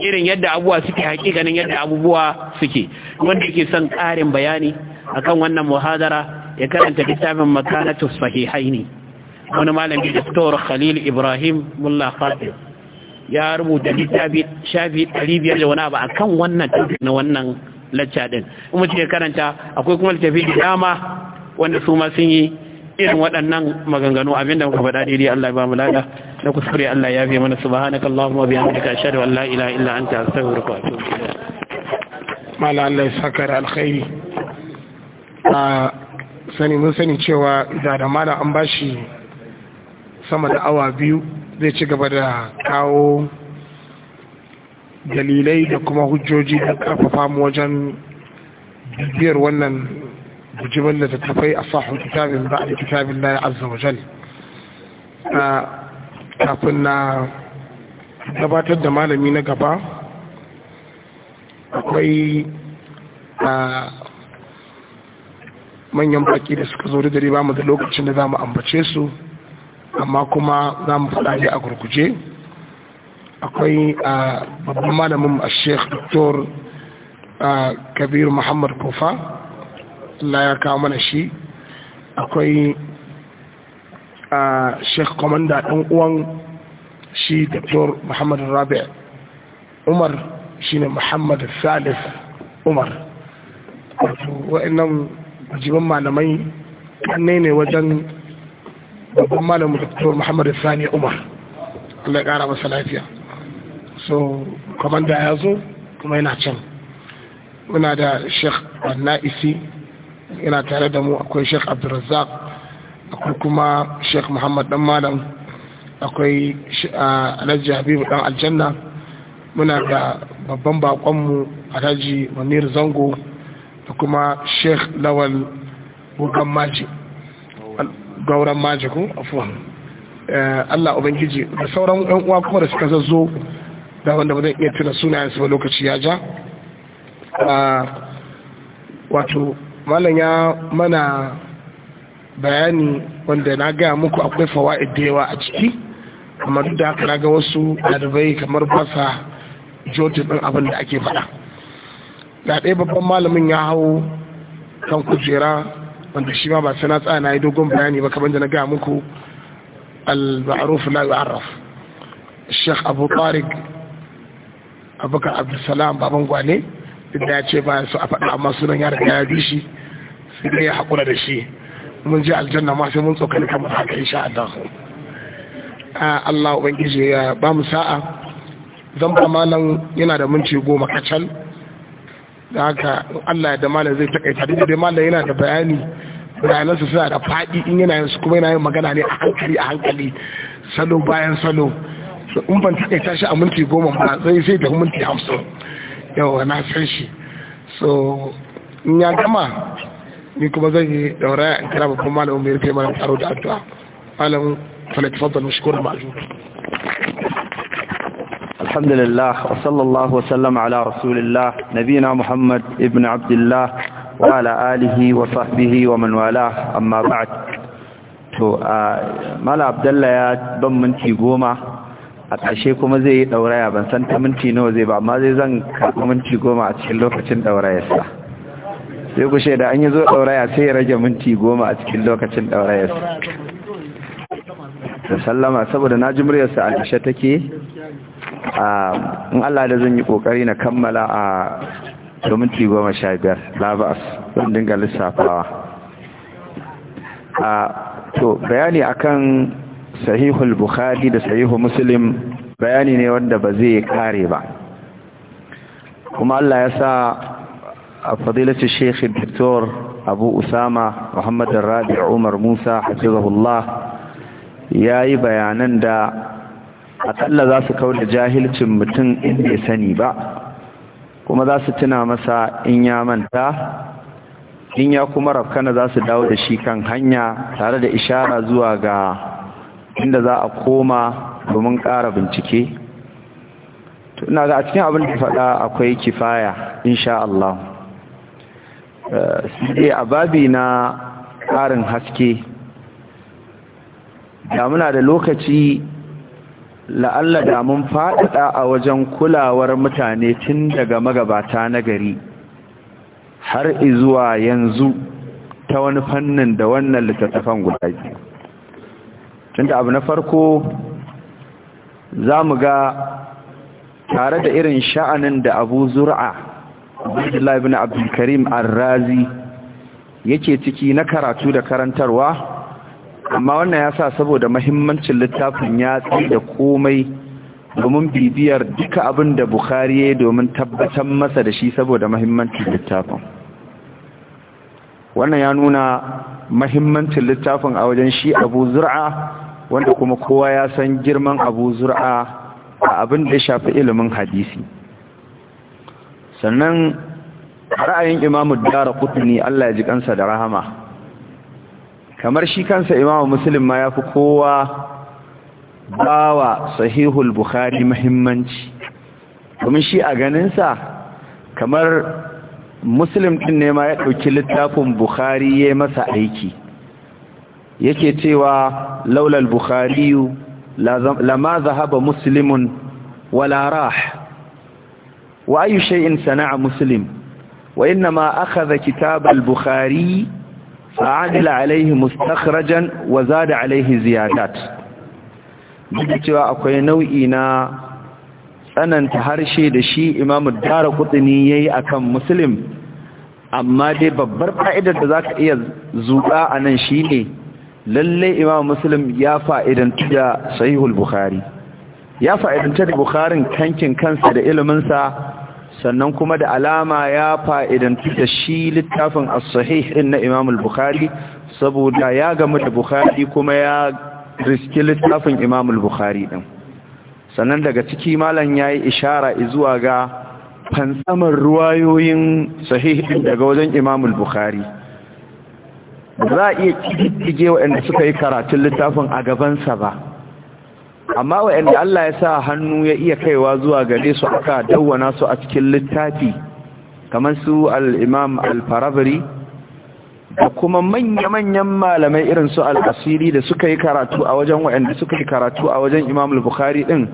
Speaker 2: irin yadda abubuwa suke hakikanin yadda abubuwa suke wanda yake son ƙarin bayani akan wannan muhadara ya karanta littafin makanatu sahihaini wani malami doktor khalil ibrahim Mulla khatib ya rubuta littafi shafi 500 da wani ba akan wannan na wannan lacca din kuma ce karanta akwai kuma littafi da dama wanda su ma sun yi irin waɗannan maganganu abinda muka faɗa daidai Allah ya ba mu lada na kuskure Allah ya fi mana subhanaka Allahumma bihamdika ashhadu an la ilaha illa anta astaghfiruka wa atubu
Speaker 3: ilayk
Speaker 1: mala Allah ya saka da alkhairi a sani mun sani cewa da da mala an bashi sama da awa biyu zai ci gaba da kawo dalilai da kuma hujjoji da karfafa mu wajen bibiyar wannan guji wanda ta tafai a sahun kitabin ba a kitabin na azza kafin na gabatar da malami na gaba akwai a manyan baki da suka zo da dare ba mu da lokacin da za mu ambace su amma kuma za mu faɗa ne a gurguje akwai babban malamin a sheikh doktor Kabiru muhammad kofa Allah ya kawo mana shi akwai a sheikh komanda ɗan uwan shi dr muhammad rabi umar shi ne muhammad salif umar wa'annan jiban malamai kanne ne wajen babban malamin dr muhammad sani umar Allah ya ƙara masa lafiya so komanda ya zo kuma yana can muna da sheikh na'isi yana tare da mu akwai sheikh Abdulrazak akwai kuma sheikh muhammad dan malam akwai ah, alhaji habibu dan aljanna muna da babban bakonmu alhaji manir zango da kuma sheikh lawal bugan maji gauran maji ku afuwa eh, allah ubangiji da sauran yan uwa kuma da suka zazzo da wanda ba iya tuna sunayen su ba lokaci ya ja ah, wato malam ya mana bayani wanda na gaya muku akwai fawa da yawa a ciki amma duk da haka ga wasu ɗalibai kamar basa jotin ɗin abin da ake faɗa ga ɗaya babban malamin ya hau kan kujera wanda shi ma ba sai na yi dogon bayani ba kamar da na gaya muku al-ma'ruf la yu'arraf Sheikh Abu Tariq Abubakar Abdulsalam baban Gwale duk da ya ce bayan su a faɗa amma sunan ya riga ya bi shi sai dai ya haƙura da shi mun je aljanna ma sai mun tsokani kamar haka insha Allah Allah ubangiji ya ba mu sa'a zan ba malam yana da minti goma kacal da haka Allah ya da malam zai takaita duk da malam yana da bayani su suna da faɗi in yana yin su kuma yana yin magana ne a hankali a hankali salo bayan salo in ban takaita shi a minti goma ba zai sai da minti hamsin yawa na san shi so in ya gama ni kuma zan yi daura in kira babban malamin mai rufe mana taro da addu'a malamin falaki fadda na shukur ma'azu
Speaker 4: الحمد لله وصلى الله وسلم على رسول الله نبينا محمد ابن عبد الله وعلى آله وصحبه ومن والاه أما بعد to a mala abdalla ya ban minti goma a ƙarshe kuma zai yi ɗauraya ban san ta minti nawa zai ba amma zai zan karɓi minti goma a cikin lokacin ɗaurayarsa sai ku shaida an yi zo ɗauraya sai ya rage minti goma a cikin lokacin ɗaurayarsa da sallama saboda na ji muryarsa a ƙashe take a in Allah da zan yi ƙoƙari na kammala a da minti goma sha biyar labas zan dinga lissafawa a to bayani akan sahihul bukhari da sahihul muslim bayani ne wanda ba zai kare ba kuma Allah ya sa a fadilatu sheikh dr abu usama muhammad rabi umar musa hafizahullah ya yi bayanan da akalla za su kauda jahilcin mutum in ya sani ba kuma za su tuna masa in ya manta in ya kuma rafkana za su dawo da shi kan hanya tare da ishara zuwa ga inda za a koma domin ƙara bincike ina ga a cikin abin da faɗa akwai kifaya insha Allah eh, sai a babi na ƙarin haske da muna da lokaci la'alla da mun faɗaɗa a wajen kulawar mutane tun daga magabata na gari har izuwa yanzu ta wani fannin da wannan littattafan guda biyu tunda abu na farko za mu ga tare da irin sha'anin da abu zura'a abdullahi bin abdulkarim arrazi yake ciki na karatu da karantarwa amma wannan ya sa saboda mahimmancin littafin ya da komai domin bibiyar duka abin da bukhari ya domin tabbatar masa da shi saboda mahimmancin littafin wannan ya nuna mahimmancin littafin a wajen shi abu zura'a wanda kuma kowa ya san girman abu zur'a a abin da ya shafi ilimin hadisi sannan ra'ayin imamu dara kutuni Allah ya ji kansa da rahama kamar shi kansa imamu musulun ma ya fi kowa bawa sahihul bukhari mahimmanci domin shi a ganinsa kamar muslim ɗin ne ma ya ɗauki littafin bukhari ya yi masa aiki yake cewa laulal bukhariyu lama zahaba muslimun wala rah wa ayu shay'in sana'a muslim wa ma akhadha kitab al-bukhari fa'adala alaihi mustakhrajan wa zada alayhi ziyadat duk cewa akwai nau'i na tsananta harshe da shi imamu dara kutsini yayi akan muslim amma dai babbar fa'idar da zaka iya zuba anan shine lalle imam muslim ya fa'idantu da sahihul bukhari ya fa'idanta da bukharin kankin kansa da iliminsa sannan kuma da alama ya fa'idantu da shi littafin as-sahih na imam al-bukhari saboda ya gamu da bukhari kuma ya riski littafin imam al-bukhari din sannan daga ciki malam yayi ishara zuwa ga fansamar ruwayoyin sahih daga wajen imam al-bukhari za a iya kididdige waɗanda suka yi karatun littafin a gabansa ba amma waɗanda Allah ya sa hannu ya iya kaiwa zuwa gare su aka dawwana su a cikin littafi kamar su al-imam al-farabri da kuma manya-manyan malamai irin su al da suka yi karatu a wajen waɗanda suka yi karatu a wajen imam al-bukhari ɗin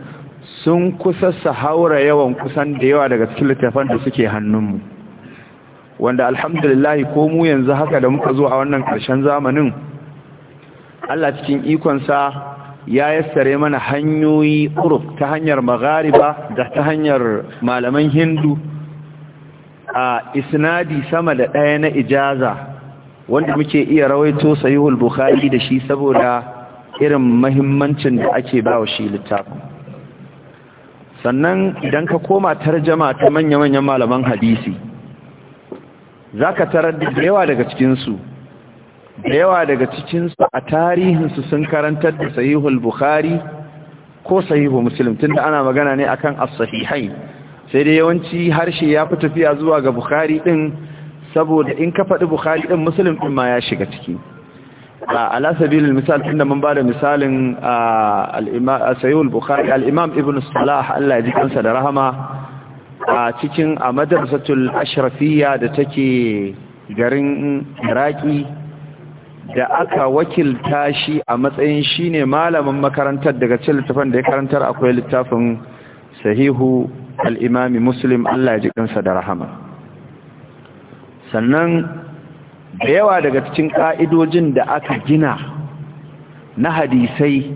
Speaker 4: sun kusa su haura yawan kusan da yawa daga cikin littafin da suke hannunmu wanda alhamdulillahi ko mu yanzu haka da muka zo a wannan ƙarshen zamanin Allah cikin ikonsa ya yassare mana hanyoyi uruf ta hanyar magariba da ta hanyar malaman hindu a isnadi sama da ɗaya na ijaza wanda muke iya rawaito sayuhul bukhari da shi saboda irin mahimmancin da ake ba wa shi littafin sannan idan ka koma tarjama ta manya-manyan malaman hadisi za ka tarar da yawa daga cikinsu da yawa daga cikinsu a tarihinsu sun karantar da sahihul bukhari ko sahihu muslim tunda ana magana ne akan as-sahihai sai dai yawanci harshe ya fi tafiya zuwa ga bukhari din saboda in ka faɗi bukhari din muslim din ma ya shiga ciki A sabilil misal tunda mun bada misalin a imam sahihul bukhari al-imam ibn salah Allah ya ji kansa da rahama a cikin a madarsatul ashrafiya da take garin iraki da aka wakilta shi a matsayin shi ne malamin makarantar daga cikin littafin da ya karantar akwai littafin sahihu al'imami muslim Allah ya ji kansa da rahama sannan da yawa daga cikin ƙa'idojin da aka gina na hadisai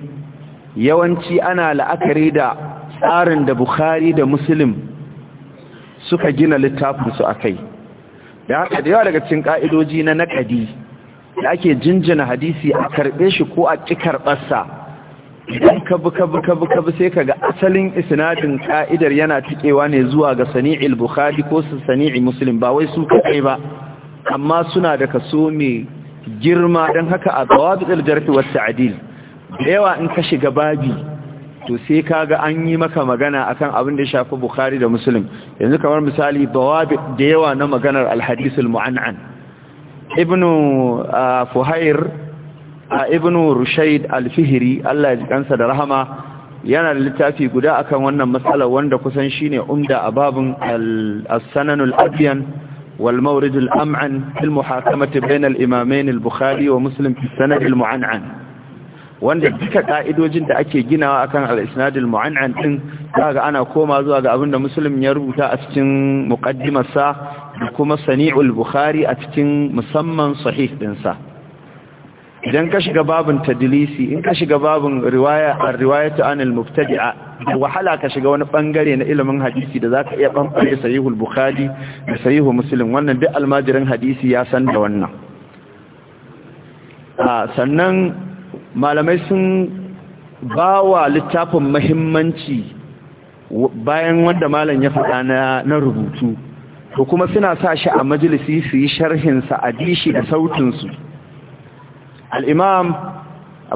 Speaker 4: yawanci ana la'akari da tsarin da bukhari da muslim suka gina littafinsu a kai da haka da yawa daga cikin ƙa'idoji na naƙadi da ake jinjina hadisi a karɓe shi ko a ƙi karɓarsa idan ka bi ka bi ka bi sai ka ga asalin isnadin ƙa'idar yana tikewa ne zuwa ga sani'il bukhari ko su sani'i muslim ba wai su kaɗai ba amma suna da kaso mai girma don haka a tsawabi ɗarfi wasu adil da yawa in ka shiga babi to sai kaga an yi maka magana akan abin da shafi bukhari da muslim yanzu kamar misali dawabi da yawa na maganar alhadis almu'annan ibnu fuhair ibnu rushaid alfihri Allah ya ji kansa da rahama yana da littafi guda akan wannan matsalar wanda kusan shine umda a babun sanan al-abyan wal mawrid al-am'an fil muhakamati bainal al-imamain al-bukhari wa muslim fi sanad al wanda duka ka'idojin da ake ginawa akan al-isnadul mu'annan din kaga ana koma zuwa ga abinda muslim ya rubuta a cikin muqaddimarsa da kuma sani'ul bukhari a cikin musamman sahih sa idan ka shiga babin tadlisi in ka shiga babin riwaya ar-riwayatu anil mubtadi'a wahala ka shiga wani bangare na ilimin hadisi da zaka iya bambare sahihul bukhari da sahihu muslim wannan duk almajirin hadisi ya san da wannan ah, sannan malamai sun ba wa littafin mahimmanci bayan wanda malam ya faɗa na rubutu to kuma suna sa shi a majalisi su yi sharhinsa a dishi da sautinsu Al-Imam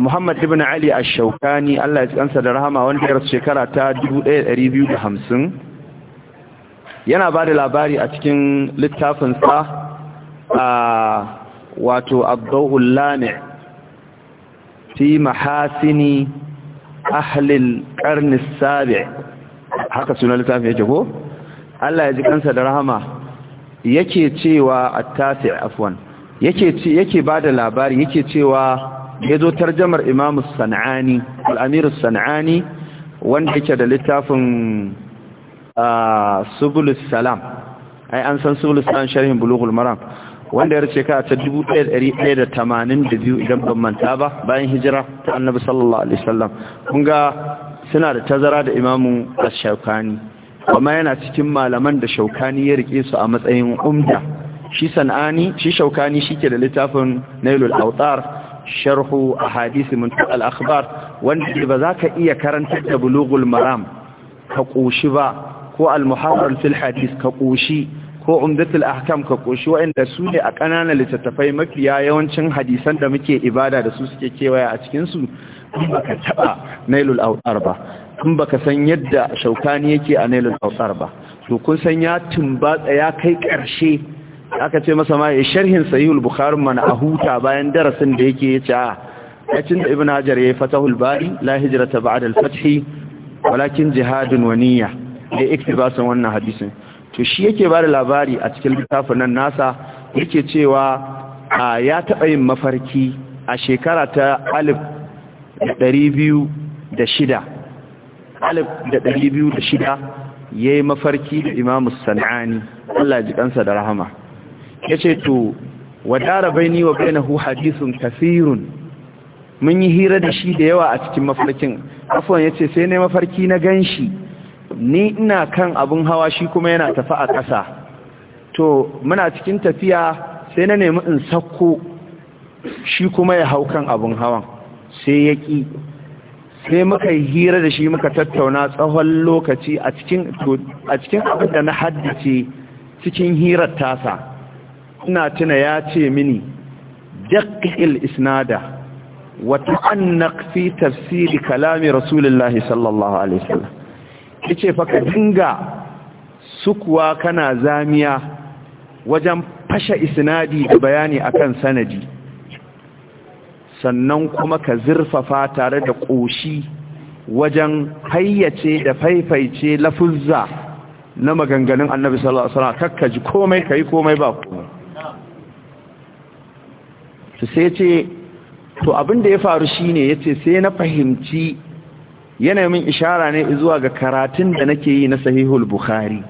Speaker 4: muhammad ibn ali a shawkani allah ya tsansa da rahama wanda ya shekara ta 1250 yana ba da labari a cikin littafinsa a wato abdullahi fi mahasini ahlil karni sabi haka suna littafi yake ko Allah ya ji kansa da rahama yake cewa at-tasi afwan yake ce yake bada labari yake cewa yazo tarjumar Imam al-Amir Sanani wanda yake da littafin ah, subulus salam ai an san subulus salam sharhin bulughul maram wanda ya rice ka a ta 1182 idan ban manta ba bayan hijira ta annabi sallallahu alaihi wasallam kun ga suna da tazara da imamu ash shaukani kuma yana cikin malaman da shaukani ya rike su a matsayin umda shi sanani shi shaukani shike da littafin nailul awtar sharhu ahadith min al-akhbar wanda ba za ka iya karantar da bulughul maram ka koshi ba ko al-muharrar fil hadith ka koshi ko umdatul ahkam ka koshi waɗanda su ne a ƙananan littattafai mafiya yawancin hadisan da muke ibada da su suke kewaya a cikinsu in baka taɓa nailul autar ba in baka san yadda shaukani yake a nailul autar ba to kun san ya tumbatsa ya kai ƙarshe aka ce masa ma ya eh, sharhin sahihul bukhari mana a huta bayan darasin da yake ya ce a ah, yacin da ibn hajar ya yi fatahul bari la hijrata ba'da al-fathi walakin jihadun Waniya. niyya da iktibasan wannan hadisin to shi yake ba da labari a cikin littafin nan nasa yake cewa ya taɓa yin mafarki a shekara ta alif da ɗari biyu da shida alif da ɗari biyu da shida ya yi mafarki da imamu sana'ani Allah ji ɗansa da rahama ya ce to wadara bai ni wa bai na hu hadisun kafirun. mun yi hira da shi da yawa a cikin mafarkin afuwan ya ce sai ne mafarki na ganshi ni ina kan abin hawa shi kuma yana tafi a ƙasa to muna cikin tafiya sai na nemi in sakko shi kuma ya hau kan abin hawan sai ya ƙi sai muka yi hira da shi muka tattauna tsawon lokaci a cikin abin da na haddace cikin hirar tasa ina tuna ya ce mini jakil isnada wata annaƙfi tafsiri kalami rasulullahi sallallahu alaihi wasallam Ice fa ka dinga sukuwa kana zamiya wajen fashe isnadi da bayani akan sanadi sannan kuma ka zurfafa tare da ƙoshi wajen hayyace da faifaice lafuzza na maganganun annabi sallallahu alaihi wasallam kakka ji komai kai komai ba komai to sai ce to abin da ya faru shine yace sai na fahimci yana min ishara ne zuwa ga karatun da nake yi na sahihul bukhari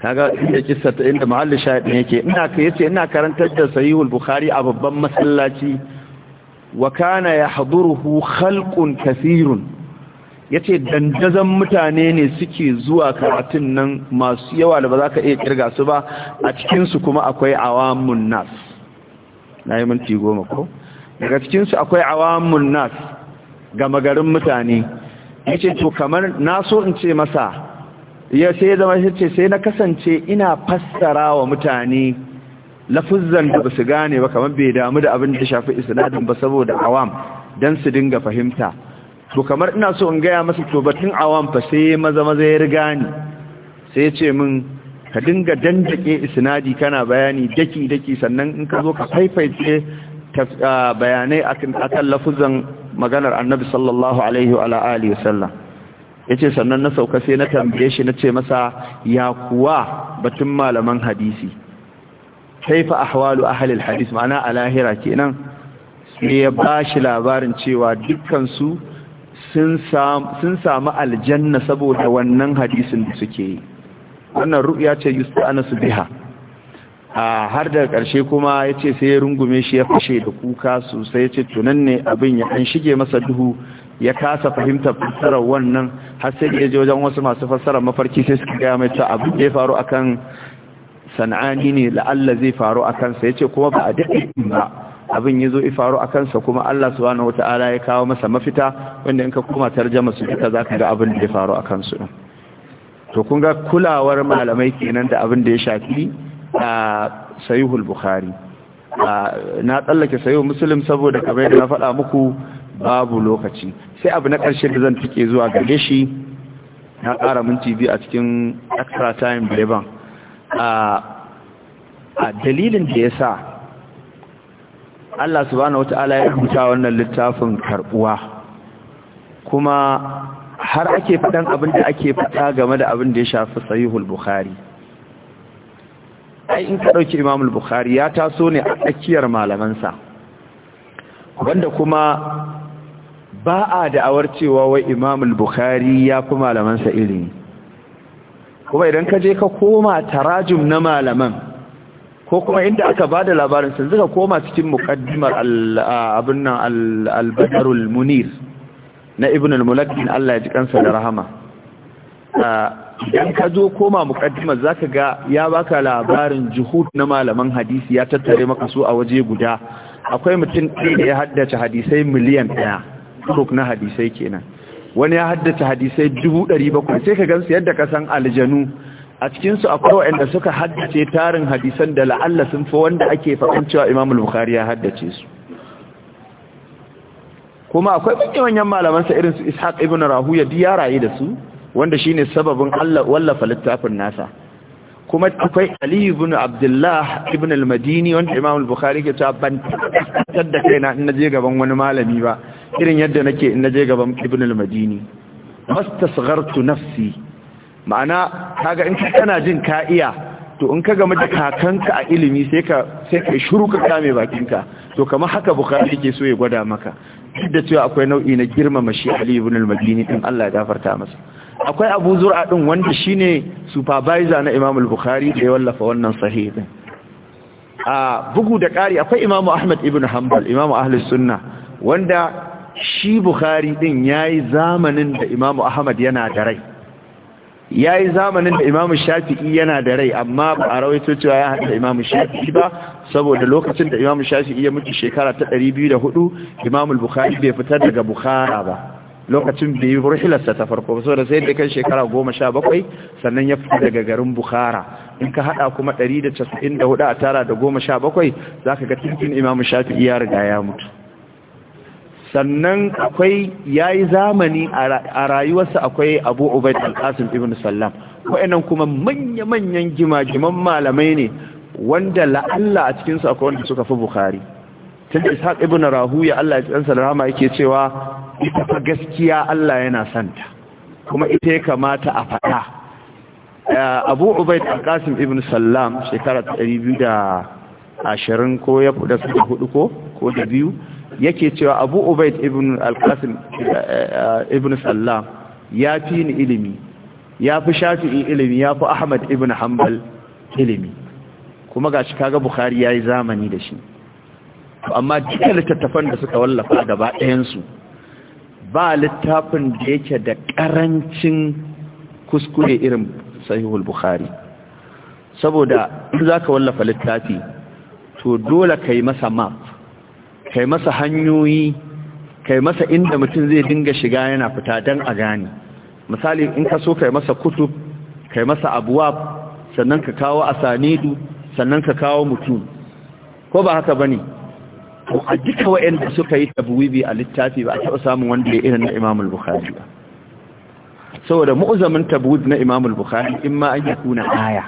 Speaker 4: kaga inda kissa ta inda mahallin shahid yake ina ka yace ina karantar da sahihul bukhari a babban masallaci wa kana yahduruhu khalqun kaseerun yace dandazan mutane ne suke zuwa karatun nan masu yawa da ba za ka iya kirga su ba a cikin su kuma akwai awamun nas nayi minti goma ko daga cikin su akwai awamun nas gama garin mutane Ya ce to kamar na in ce masa ya sai zama ce sai na kasance ina fassara wa mutane lafuzzan da ba su gane ba kamar bai damu da abin da shafi isnadin ba saboda awam don su dinga fahimta to kamar ina so in gaya masa to batun awam fa sai maza maza ya riga ni sai ya ce min ka dinga dandake isnadi kana bayani daki daki sannan in ka zo ka faifaice ah, bayanai akan lafuzan maganar annabi sallallahu alaihi wa alihi wasallam yace sannan na sauka sai na tambaye shi nace masa ya kuwa batun malaman hadisi kaifa ahwalu ahli alhadis ma'ana alahira kenan sai ya bashi labarin cewa dukkan su sun samu aljanna saboda wannan hadisin da suke yi wannan ru'ya ce yusta anasu biha har da ƙarshe kuma ya ce sai ya rungume shi ya fashe da kuka sosai ya ce tunan abin ya an shige masa duhu ya kasa fahimtar fassarar wannan har sai da ya je wajen wasu masu fassarar mafarki sai suka gaya mai ta abu da ya faru akan sana'ani ne la'alla zai faru a kansa ya ce kuma ba a daɗe ba abin ya zo ya faru a kansa kuma Allah subhanahu wata'ala ya kawo masa mafita wanda in ka koma tarjama su duka za ka ga abin da ya faru a kansu to kun ga kulawar malamai kenan da abin da ya shafi a sayuhul bukhari na tsallake sayo musulun saboda kamar da na faɗa muku babu lokaci sai abu na ƙarshe da zan tuke zuwa gare shi na ƙara minti biyu a cikin extra time breban a dalilin da ya sa Allah subhanahu wata'ala ya rubuta wannan littafin karbuwa kuma har ake faɗan abin da ake faɗa game da abin da ya shafi sahihul bukhari ai in ka ɗauki imamul bukhari ya taso ne a tsakiyar malamansa wanda kuma ba a da'awar cewa wai imamul bukhari ya fi malamansa ilimi kuma idan ka je ka koma tarajum na malaman ko kuma inda aka ba da labarin sun zuka koma cikin mukaddimar abin nan badrul munir na ibn al mulakin Allah ya ji kansa da rahama idan ka zo koma za ka ga ya baka labarin juhud na malaman hadisi ya tattare maka su a waje guda akwai mutum ɗaya da ya haddace hadisai miliyan ɗaya turuk na hadisai kenan wani ya haddace hadisai dubu ɗari bakwai sai ka gansu yadda ka san aljanu a cikinsu akwai waɗanda suka haddace tarin hadisan da la'alla sun fi wanda ake faɗin cewa imamul bukhari ya haddace su kuma akwai manyan malamansa irin su ishaq ibn rahuya duk ya raye da su wanda shi ne sababin wallafa littafin nasa kuma akwai Ali ibn Abdullah ibn al-Madini wanda Imam al-Bukhari ke cewa ban tabbatar da kaina in naje gaban wani malami ba irin yadda nake in naje gaban Ibn al-Madini mastasghartu nafsi ma'ana kaga in kana jin ka'iya, iya to in ka game kakanka a ilimi sai ka sai ka shiru ka kame bakinka to kamar haka Bukhari ke so ya gwada maka duk da cewa akwai nau'i na girmama shi Ali ibn al-Madini din Allah ya gafarta masa akwai abu zura ɗin wanda shi ne supervisor na imam al-bukhari da ya wallafa wannan sahihin a bugu da ƙari akwai imam ahmad ibn hanbal imam ahlus sunna wanda shi bukhari din ya yi zamanin da imam ahmad yana da rai ya yi zamanin da imam shafi'i yana da rai amma ba a rawaito cewa ya haɗa imam shafi'i ba saboda lokacin da imam'u shafi'i ya mutu shekara ta 204 imam al-bukhari bai fitar daga bukhara ba lokacin da yi ruhilarsa ta farko so da sai da kan shekara goma sha bakwai sannan ya fita daga garin bukhara in ka hada kuma ɗari da a tara da goma sha bakwai za ka ga tintin imamu shafi iya riga ya mutu sannan akwai ya yi zamani a rayuwarsa akwai abu ubaid al-qasim ibn sallam wa'annan kuma manya-manyan gima-giman malamai ne wanda la'alla a cikinsu akwai wanda suka fi bukhari tun da ishaq ibn rahuya Allah ya tsansa da rahama yake cewa ita fa gaskiya Allah yana santa kuma ita ya kamata a faɗa eh, abu ubaid al-qasim ibn sallam shekara ta 220 ko ya fuda su da hudu ko ko da biyu yake cewa abu ubaid ibn al-qasim eh, ibn sallam ya fi ni ilimi ya fi shafi'i ilimi ya fi ahmad ibn hanbal ilimi kuma gashi kaga bukhari yayi zamani da shi amma dukkan littattafan da suka wallafa gaba ɗayansu ba littafin da yake da ƙarancin kuskure irin sahihul bukhari saboda in za ka wallafa littafi to dole ka yi masa map ka yi masa hanyoyi ka yi masa inda mutum zai dinga shiga yana fita don a gane misali in ka so ka yi masa kutub ka yi masa abuwab sannan ka kawo a sanidu sannan ka kawo mutum ko ba haka ba ne to a duka wa'anda suka yi tabwibi a littafi ba a taɓa samun wanda ya irin na imam al-bukhari ba saboda mu'uzamin tabwib na imam al-bukhari in ma an kuna aya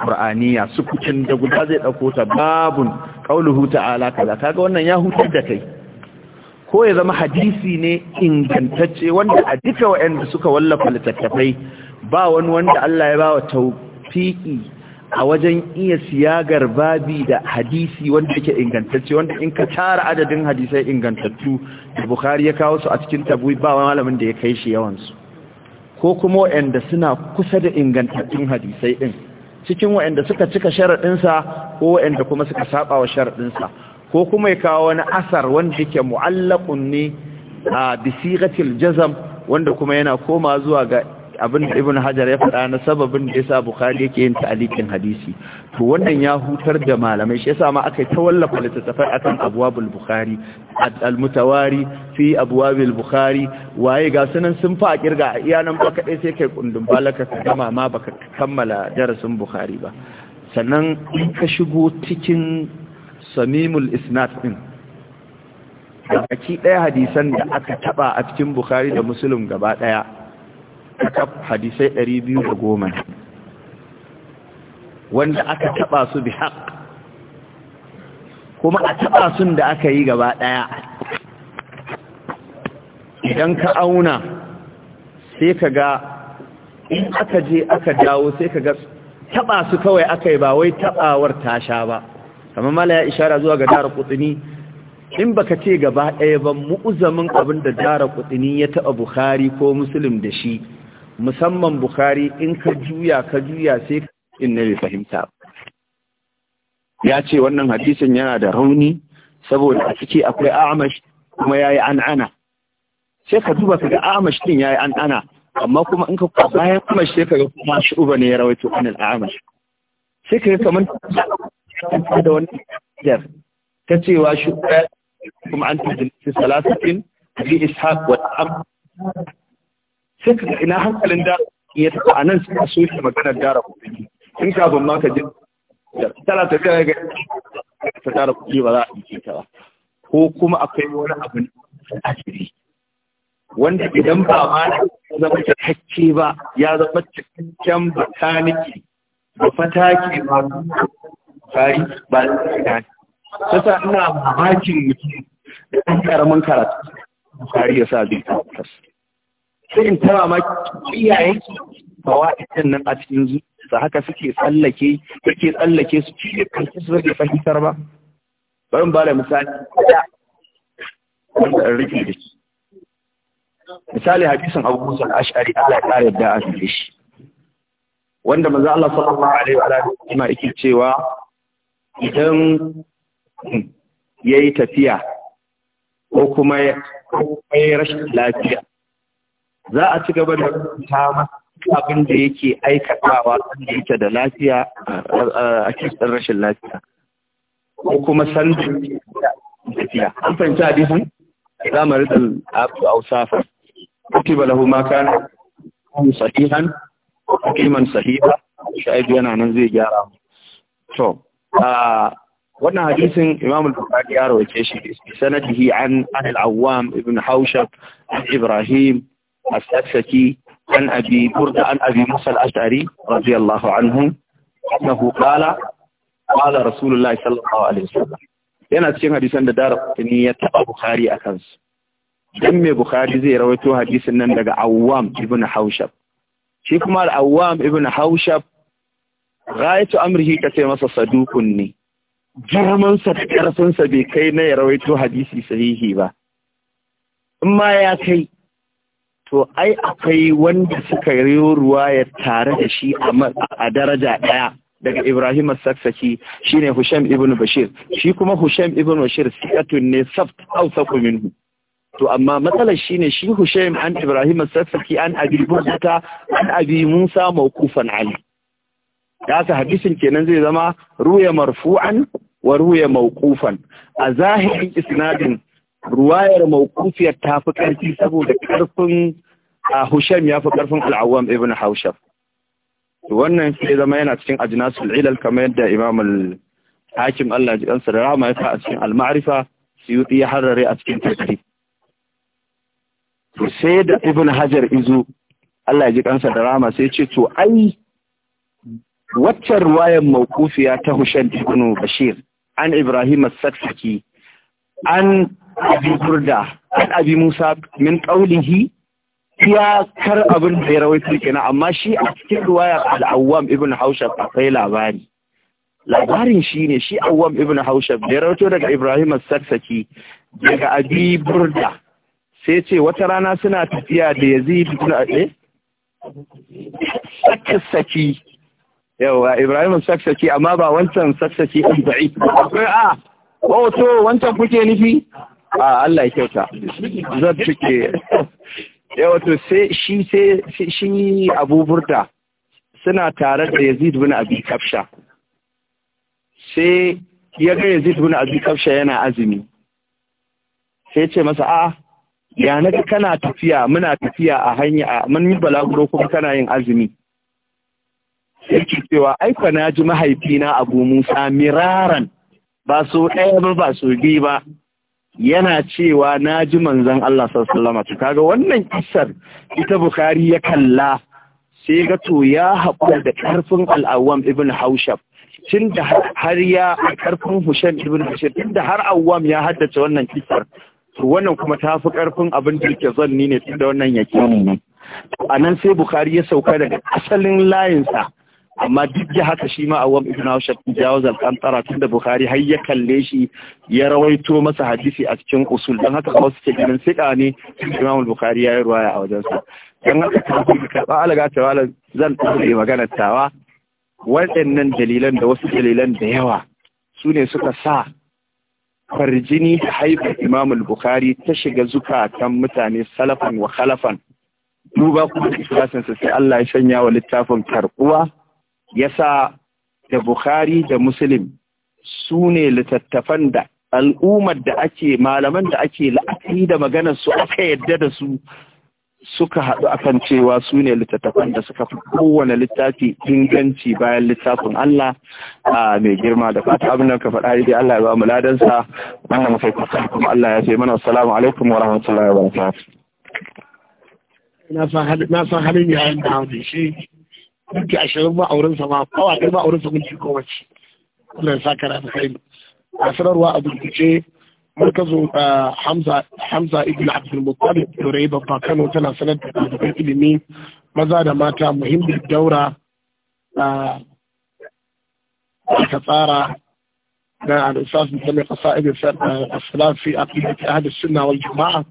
Speaker 4: qur'aniya su kucin da guda zai ɗauko ta babun qauluhu ta'ala kaza kaga wannan ya hutar da kai ko ya zama hadisi ne ingantacce wanda a duka wa'anda suka wallafa littattafai ba wani wanda Allah ya ba wa tawfiki a wajen iya siyagar babi da hadisi wanda yake ingantacce wanda in ka tara adadin hadisai ingantattu da Bukhari ya kawo su a cikin tabu ba malamin da ya kai shi yawansu ko kuma wa'anda suna kusa da ingantattun hadisai ɗin cikin waanda suka cika sharaɗinsa ko wa'anda kuma suka saba wa sharaɗinsa ko kuma ya kawo wani asar wanda yake mu'allaqun ne a bisigatil jazam wanda kuma yana koma zuwa ga abin da ibn hajar ya faɗa na sababin da yasa bukhari yake yin ta'liqin hadisi to wannan ya hutar da malamai shi yasa ma aka ta wallafa littattafai akan abwabul bukhari al-mutawari fi abwabil bukhari waye ga sunan sun fa kirga a iyanan ba kadai sai kai kundin balaka ka gama ma baka kammala darasin bukhari ba sannan in ka shigo cikin samimul isnad din da baki daya hadisan da aka taba a cikin bukhari da muslim gaba daya kakaf hadisai 210 wanda aka taba su bi haq kuma a taba sun da aka yi gaba daya idan ka auna sai ka ga in aka je aka dawo sai ka ga taba su kawai aka yi ba wai tabawar ta sha ba kamar mala ya ishara zuwa ga dara kutsini in baka ce gaba ɗaya ba mu'uzamin abin da dara kutsini ya taɓa bukhari ko musulun da shi musamman Bukhari in ka juya ka juya sai in na fahimta ya ce wannan hadisin yana da rauni saboda a ciki akwai amash kuma ya yi an'ana sai ka duba kaga amash din yi an'ana amma kuma in ka bayan amash sai kaga kuma uba ne ya rawaito wani amash
Speaker 5: sai yi kaman da wani jar ta cewa shuba kuma an tafi salasatin bi ishaq wa am sai ka ina hankalin da
Speaker 4: ya taɓa a nan suka so shi maganar dara kuɗi in kafin ma ka ji tana ta kai ga ta dara kuɗi ba za a ɗauke ta ba ko kuma akwai wani abu
Speaker 5: a jiri wanda idan ba ma zama cikakke ba ya zama cikakken bataniki da fataki ba fari ba da sasa ina mamakin mutum da ɗan ƙaramin
Speaker 4: karatu fari ya sa zai tabbata sai in tara ma iyayen fawa'idin nan a cikin zuciya haka suke tsallake suke tsallake su ci ne kansu su rage fahimtar ba bari mu bada misali wanda in rike da shi misali hadisin Abu Musa al-Ash'ari Allah ya kare da a shi wanda manzo Allah sallallahu alaihi wa alihi yake cewa idan yayi tafiya ko kuma ya rashin lafiya za a ci gaba da rubuta masa abin da yake aikatawa sanda yake da lafiya a cikin rashin lafiya ko kuma san da lafiya. an fahimci hadisin za mu rikin abu ausafa kutiba lahu ma kana sahihan kiman sahiha shaibu yana nan zai gyara mu to wannan hadisin Imam al-Bukhari ya rawace shi bi sanadihi an al-Awwam ibn Hawshab Ibrahim السكسكي عن أبي برد عن أبي موسى الأشعري رضي الله عنه أنه قال قال رسول الله صلى الله عليه وسلم yana cikin hadisan da dara ne ya taba Bukhari a kansu dan me Bukhari zai rawaito hadisin nan daga Awwam ibn Haushab shi kuma Awwam ibn Haushab ghayatu amrihi kace masa sadukun ne
Speaker 3: girman sa da
Speaker 4: karfin sa bai kai na ya rawaito hadisi sahihi ba in ma ya kai to ai akwai wanda suka riyo ruwaya tare da shi a daraja ɗaya daga Ibrahim sassaki shine Husham ibn Bashir shi kuma Husham ibn Bashir sikatun ne saft awsaqu minhu to amma matsalar shine shi Husham an Ibrahim sassaki an Abi Musa an Abi Musa mawqufan ali haka hadisin kenan zai zama ruya marfu'an wa ruya mawqufan a zahirin isnadin ruwayar mawkufiyar ta fi ƙarfi saboda ƙarfin a Husham ya fi ƙarfin al'awam ibn Haushab. Wannan sai zama yana cikin ajinasul ilal kamar yadda Imam hakim Allah ji kansa da rama ya sa a cikin al-ma'rifa ya harare a cikin tafsir. To sai da Ibn Hajar izo Allah ji kansa da rama sai ce to ai waccan ruwayar mawqufiya ta Hushaim ibn Bashir an Ibrahim as an abi burda an abi musa min ya kar abin da ya rawaito kenan amma shi a cikin ruwayar al-awwam ibn haushab akwai labari labarin shi ne shi awwam ibn haushab da ya rawaito daga ibrahim as-sarsaki daga abi burda sai ce wata rana suna tafiya da yazid ibn ade eh? sarsaki yawa ibrahim sarsaki amma ba wancan sarsaki an ba'i akwai a ah, wato wancan kuke nufi a Allah ya kyauta
Speaker 3: zan cike
Speaker 4: yawato sai shi sai shi abuburda suna tare da yazid bin abi kafsha sai ya ga yazid bin abi kafsha yana azumi sai ce masa a ya naga kana tafiya muna tafiya a hanya mun yi balaguro kuma kana yin azumi sai ke cewa ai fa na ji mahaifina abu musa miraran ba so ɗaya ba ba so biyu ba yana cewa na ji manzan Allah sallama Ta kaga wannan kisar ita Bukhari ya kalla sai ga to ya haƙura da ƙarfin al'awam ibn Haushab tun da har ya ƙarfin hushen ibn tun da har awam ya haddace wannan kisar to wannan kuma ta fi ƙarfin abin da yake zanni ne tun da wannan yake ne a nan sai Bukhari ya sauka daga asalin layinsa amma duk da haka shi ma awam ibn haushab jawaz al-qantara tunda bukhari har ya kalle shi ya rawaito masa hadisi a cikin usul dan haka kawai suke ganin sika ne imam bukhari ya yi ruwaya a wajen sa dan haka ba alaga tawala zan tsare magana tawa waɗannan dalilan da wasu dalilan da yawa su ne suka sa farjini da haifar imam bukhari ta shiga zukatan mutane salafan wa khalafan
Speaker 5: duba kuma da
Speaker 4: sai Allah ya shanya wa littafin karɓuwa yasa da Bukhari da Muslim su ne littattafan da al'ummar da ake malaman da ake la'akari da maganar su aka yadda da su suka haɗu akan cewa su ne littattafan da suka fi kowane littafi inganci bayan littafin Allah a mai girma da fata abin da ka faɗa dai Allah ya ba mu ladansa wannan mu kusa kuma Allah ya ce mana assalamu alaikum
Speaker 6: wa rahmatullahi wa barakatuh
Speaker 1: na san halin yayin da hawan shi minti ashirin ba aurensa ma awa ɗaya ba aurensa minti goma ce Allah ya saka da alkhairi a sanarwa a burkice markazin hamza hamza ibn abdul muttalib turai babba kano tana sanar da ɗaliban ilimi maza da mata muhimmin daura a aka tsara na al'isas musamman ƙasa ibn salafi a ƙiyyar ahadis sunna wal jama'a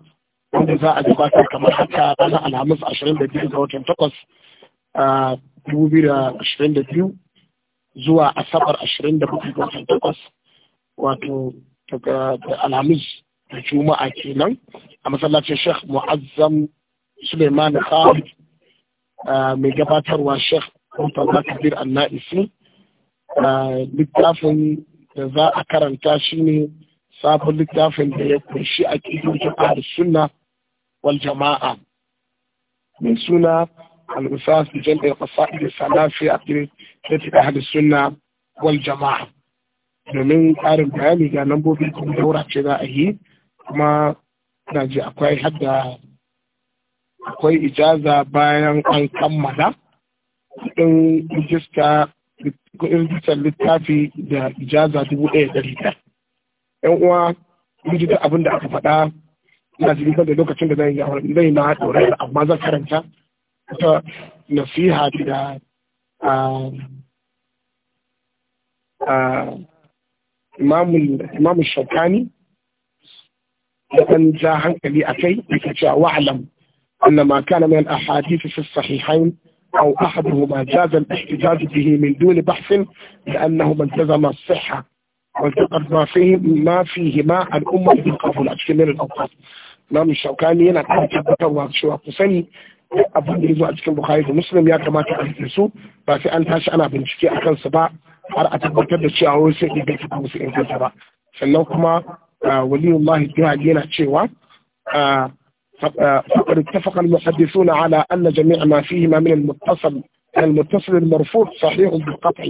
Speaker 1: wanda za a gabatar kamar haka ranar alhamis 22 ga watan takwas. 2022 zuwa asabar 27 ga watan takwas wato daga alhamis da juma'a kenan a masallacin sheikh mu'azzam suleiman khalid mai gabatarwa sheikh mutala kabir anna'isi littafin da za a karanta shine sabon littafin da ya kunshi a ƙidojin sunna wal jama'a mai suna الأساس بجلب القصائد الثلاثة أقلية أهل السنة والجماعة domin ƙarin bayani ga lambobin kuma daura ce za a yi kuma na ji akwai hadda akwai ijaza bayan an kammala kuɗin rijista rijistar littafi da ijaza dubu ɗaya ɗari ɗaya yan uwa mun ji duk abin da aka faɗa ina ji da lokacin da zai yi na ɗorai amma zan karanta wata nasiha امام الامام الشوكاني da kan ja hankali a kai yake ان wa'alam annama kana min al-ahadith أو أحدهما جاز الاحتجاج به من دون بحث لأنهما التزم الصحة والتقد ما فيه ما فيهما الأمة بالقبول أكثر من الأوقات. إمام الشوكاني هناك أتذكر وأشوف سني abin da ya zo a cikin bukhari da muslim ya kamata a rike su ba sai an tashi ana bincike a kansu ba har a tabbatar da cewa wai sai idan su musu inganta ba sannan kuma waliyun waliyullahi jihadi yana cewa فقد اتفق المحدثون على أن جميع ما فيهما من المتصل المتصل المرفوض صحيح بالقطع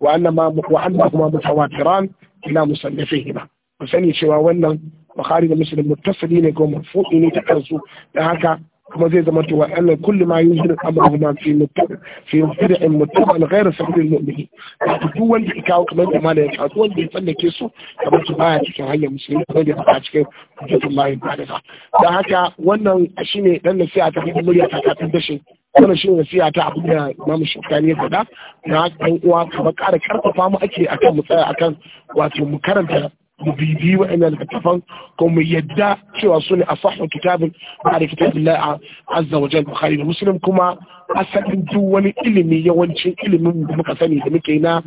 Speaker 1: وأن ما وأنهما متواتران إلى مصنفهما وسني شواونا Bukhari da Muslim mutasili ne ko marfu'i ne ta kansu da haka kuma zai zama cewa annan kullu ma yuzhiru amruhu ma fi muttaba fi mubtada'in muttaba ghayra sabil mu'mini wato duk wanda ya kawo kamar da malaya ya kawo wanda ya tsallake su kamar su baya cikin hanyar musulmi kamar da ta cikin hujjatullahi ta'ala Da haka wannan shine dan nasiha ta hanyar murya ta kafin dashin wannan shi wasiya ta abin da Imam Shukani ya faɗa na ɗan uwa kuma ƙara karfafa mu ake akan mu tsaya akan wato mu karanta mu bibi wa'annan littattafan ko mu yadda cewa su ne a sahun kitabin ba da kitabin la'a azza wa jal da muslim kuma asalin duk wani ilimi yawancin ilimin da muka sani da muke na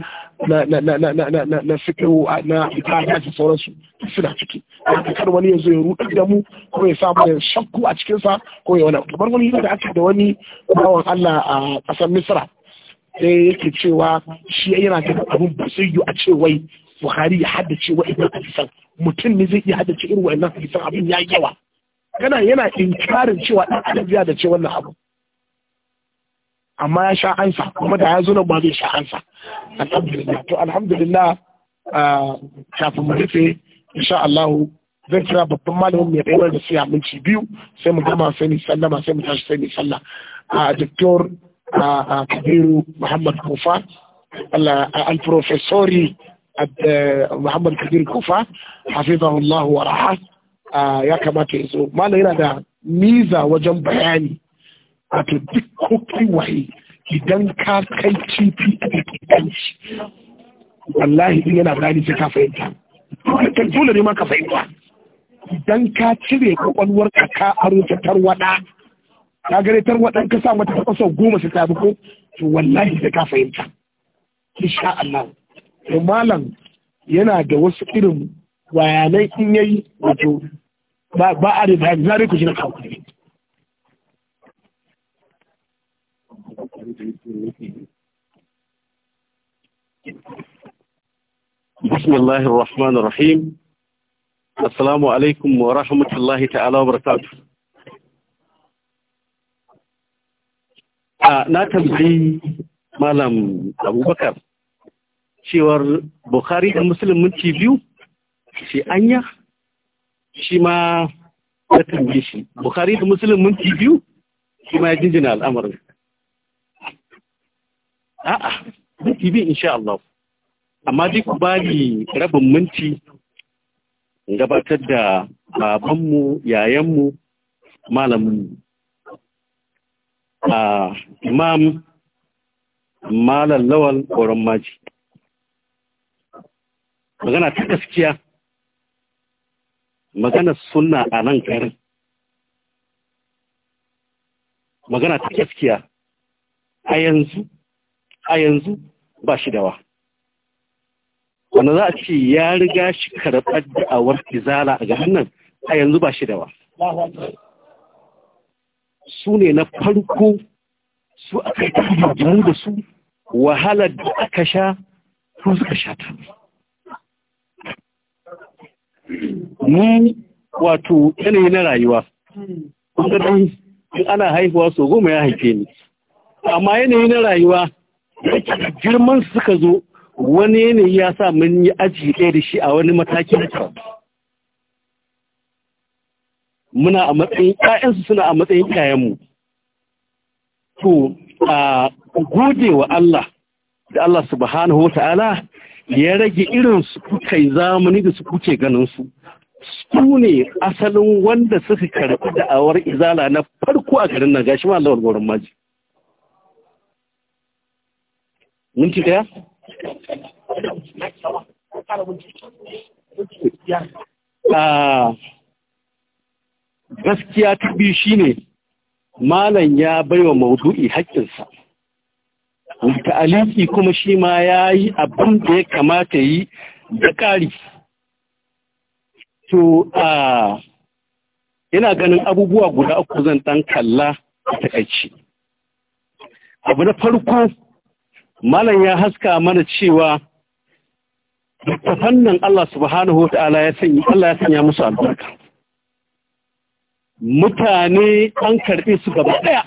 Speaker 1: na na na na na na na na fikiru na ibada da sauransu suna ciki haka kar wani ya zo ya rudar da mu ko ya samu ya shakku a cikinsa sa ko ya wani kamar wani da aka da wani bawan Allah a kasar Misra sai yake cewa shi yana da abun ba sai a ce wai Buhari ya haddace wa'annan hadisan mutum ne zai iya haddace irin wa'annan hadisan abin ya yawa kana yana inkarin cewa ɗan adam ya haddace wannan abu amma ya sha ansa kuma da ya zo nan ba zai sha ansa alhamdulillah to alhamdulillah ah, kafin mu rufe insha Allah zan kira babban malamin mai tsayar da siya minci biyu sai mu gama sai mu sallama sai mu tashi sai mu sallah a ah, doktor ah, kabiru muhammad kufa al-professori Eh, Muhammad Kabir Kufa hafizahullahu wa raha ah, ya kamata ya zo malam yana da miza wajen bayani wato duk kokin waye idan ka kai kifi a wallahi din yana bayani sai ka fahimta kan dole ne ma ka fahimta idan ka cire kwakwalwar ka ka aro ta tarwada ka gare tarwadan ka sa mata ta kaso goma sai ta to wallahi ka fahimta insha to malam yana da wasu irin bayanai in yayi wato ba a da bayani zare ku shi na kawo
Speaker 5: بسم الله الرحمن الرحيم السلام عليكم ورحمة الله تعالى وبركاته نا na tambayi أبو بكر cewar Bukhari da Muslim minti biyu sai anya shi ma ya tambaye shi Bukhari da Muslim minti biyu shi ma ya jinjina al'amarin a'a minti biyu insha Allah amma dai ku bani rabin minti gabatar da babanmu yayanmu malamin a ah, imam malam lawal koron maji magana ta gaskiya magana sunna a nan garin. magana ta gaskiya a yanzu a yanzu ba shi dawa wanda za a ce ya riga shi karɓar da'awar izala a ga hannun a yanzu ba shi dawa su ne na farko su aka yi da su wahalar da aka sha su suka sha ta mu wato yanayi na rayuwa kun dai ana haihuwa so goma ya haife ni amma yanayi na rayuwa girman suka zo wani yanayi ya sa mun yi aji ɗaya da shi a wani mataki na muna a matsayin ƴaƴansu suna a matsayin ƴaƴanmu to a gode wa Allah da Allah subhanahu wa ta'ala ya rage irin su kuka zamani da su kuke ganin su su ne asalin wanda suka karɓi da'awar izala na farko a garin nan gashi ma lawar maji minti daya ah, gaskiya ta biyu shine malam ya baiwa maudu'i haƙƙinsa wata aliki kuma shi ma ya yi abin da ya kamata yi da ƙari to ina ganin abubuwa guda uku zan ɗan kalla a takaici abu na farko malam ya haska mana cewa ta fannin Allah subhanahu wa ta'ala ya sanya Allah ya sanya musu albarka mutane an karɓe su gaba ɗaya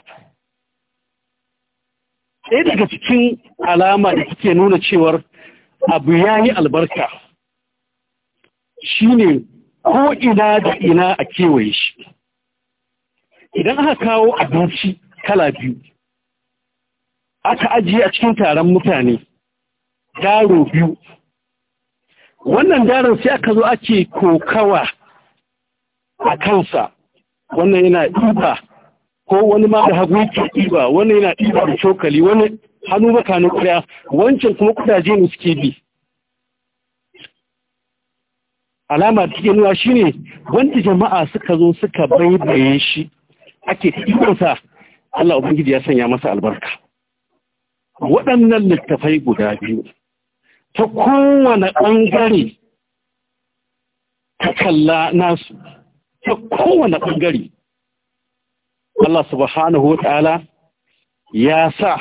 Speaker 5: ɗaya daga cikin alama da suke nuna cewar abu ya yi albarka shine ko ina da ina a kewaye shi idan aka kawo abinci kala biyu aka ajiye a cikin taron mutane daro biyu wannan daron sai aka zo ake kokawa a kansa wannan yana ɗuba ko wani ma da hagu yake ɗiba wani yana ɗiba da cokali wani hannu makanin ƙuri'a wancan kuma kudaje ne suke bi alama da take nuna shine wanda jama'a suka zo suka baibaye shi ake sa Allah Ubangiji ya sanya masa albarka waɗannan littafai guda biyu ta kowane ɓangare ta kalla nasu ta kowane ɓangare Allah subhanahu wa ya sa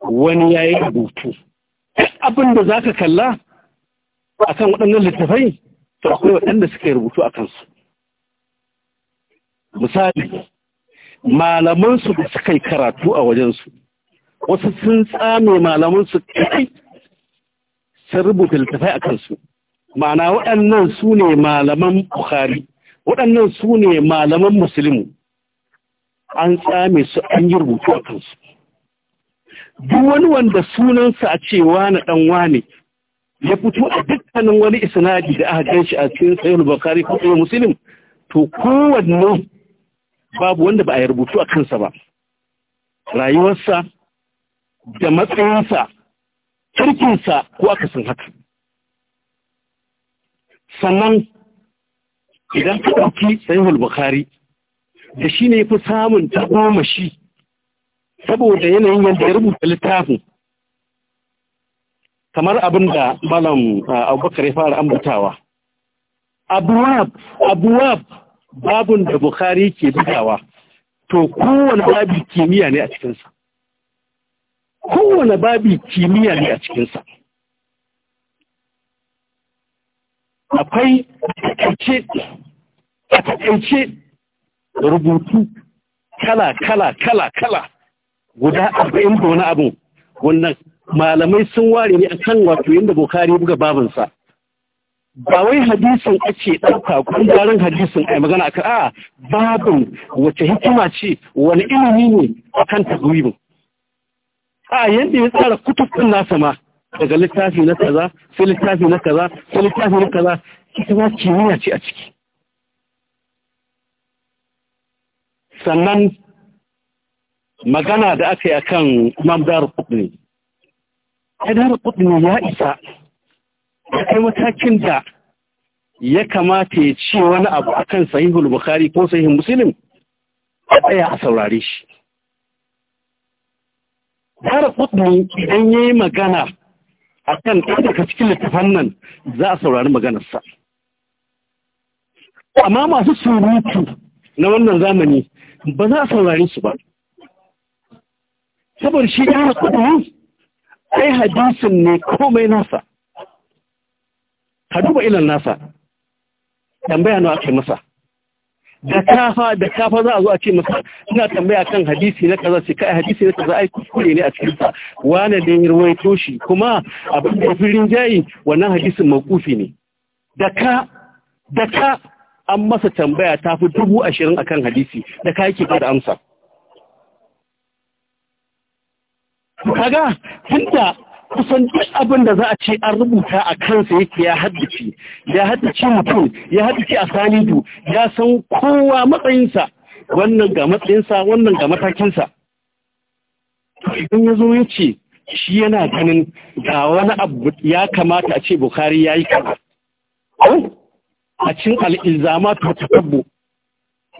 Speaker 5: wani ya yi rubutu Abinda da za ka kalla a kan waɗannan littafai to akwai waɗanda suka yi rubutu a kansu misali malamansu da suka yi karatu a wajensu wasu sun tsame malamansu kai sun rubuta littafai a kansu ma'ana waɗannan su ne malaman bukhari waɗannan su ne malaman musulmi an tsame su an yi rubutu a kansu duk wani wanda sunansa a cewa na ɗan wane ya fito a dukkanin wani isnadi da aka ganshi a cikin sayar Bakari ko sayar musulun to kowanne babu wanda ba a yi rubutu a kansa ba rayuwarsa da matsayinsa kirkinsa ko akasin haka sannan idan ka ɗauki sayar Bakari. da shi ne fi samun tagomashi saboda yanayin yadda ya rubuta littafin kamar abin da malam abubakar ya fara ambatawa abuwab abuwab da bukari ke bugawa to kowane babi kimiyya ne a cikinsa kowane babi kimiyya ne a cikinsa akwai a takaice rubutu kala kala kala kala guda arba'in da wani abu wannan malamai sun ware ne akan wato yadda bukari buga babansa ba wai hadisin ake ɗauka garin hadisin a magana akan a babin wace hikima ce wani ilimi ne akan tazwibin a yadda ya tsara kutubin nasa ma daga littafi na kaza sai littafi na kaza sai littafi na kaza ita kimiyya ce a ciki sannan magana da aka yi a kan imam dar kudin ya dar kudin ya isa ya kai matakin da ya kamata ya ce wani abu a kan sahihul bukari ko sahihin musulun a tsaya a saurare shi dar kudin idan ya yi magana a kan ɗaya daga cikin littafan nan za a saurari maganarsa amma masu surutu na wannan zamani ba za a saurari su ba saboda shi ya kudu ai hadisin ne komai nasa ka duba ilan nasa tambaya na ake masa da kafa da kafa za a zo a ce masa ina tambaya kan hadisi na kaza ce kai hadisi na kaza ai kuskure ne a cikin sa wane da yin ruwai toshi, kuma abin da firin jayi wannan hadisin mawqufi ne da ka da ka an masa tambaya ta fi dubu ashirin a kan hadisi da ka yake da amsa. Kaga, tunda kusan duk abin da za a ce an rubuta a kansa yake ya haddace, ya haddace mutum, ya haddace a sanidu, ya san kowa matsayinsa, wannan ga matsayinsa, wannan ga matakinsa. Idan ya zo ya ce, shi yana ganin ga wani abu ya kamata a ce Bukhari ya yi kama. a cin al'ilzama ta tabbo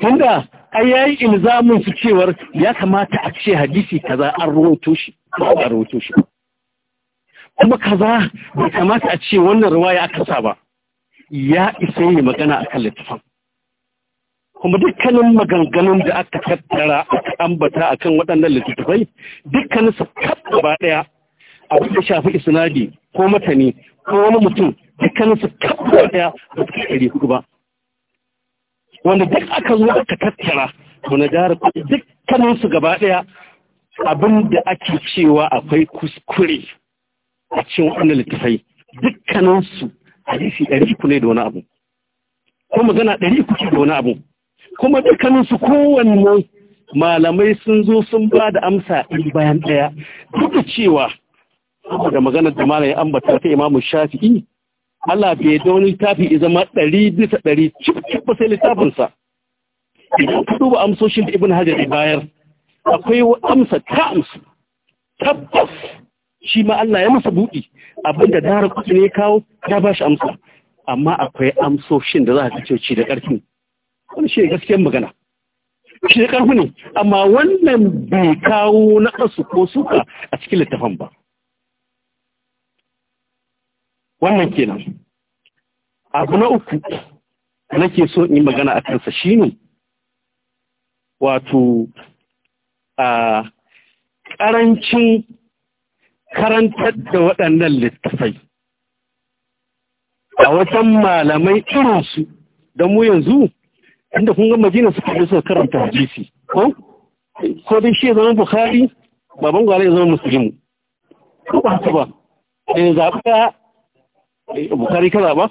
Speaker 5: tunda a yayi ilzamin su cewar ya kamata a ce hadisi kaza an shi ba a rawaito shi kuma kaza bai kamata a ce wannan ruwaya aka sa ba ya isa yi magana a kan littafin kuma dukkanin maganganun da aka tattara aka ambata akan waɗannan littattafai dukkanin su kaf ba ɗaya abin da shafi isnadi ko matani ko wani mutum dukkaninsu kabbar daya ba su kai ɗari hudu ba wanda duk aka zo aka tattara wani gara dukkaninsu gaba daya abin da ake cewa akwai kuskure a cikin wani littafai dukkaninsu hadisi ɗari ku ne da wani abu ko magana ɗari ku ce da wani abu kuma dukkaninsu kowanne malamai sun zo sun ba da amsa ɗin bayan ɗaya duk da cewa da maganar da malamai ambata ta imamu shafi'i Allah bai da wani littafi ya zama ɗari bisa ɗari cikin ba sai littafinsa. Idan ka duba amsoshin da Ibn Hajar ya bayar, akwai amsa ta amsa, tabbas shi ma Allah ya masa buɗi abinda dara kuɗi ne kawo ya ba shi amsa. Amma akwai amsoshin da za a fi ci da ƙarfin. Wani shi gaskiyar magana. Shi ne ƙarfi ne, amma wannan bai kawo na ko suka a cikin littafin ba. wannan kenan abu na uku nake so in yi magana a kansa shi ne, wato a ƙarancin karantar da waɗannan littafai a wajen malamai irinsu da mu yanzu inda kun gama jina suka fi suka karanta hadisi ko ko dai shi ya zama bukhari baban gwale ya zama musulmi ko ba ta ba eh, zaɓa Eh, bukari kaza ba?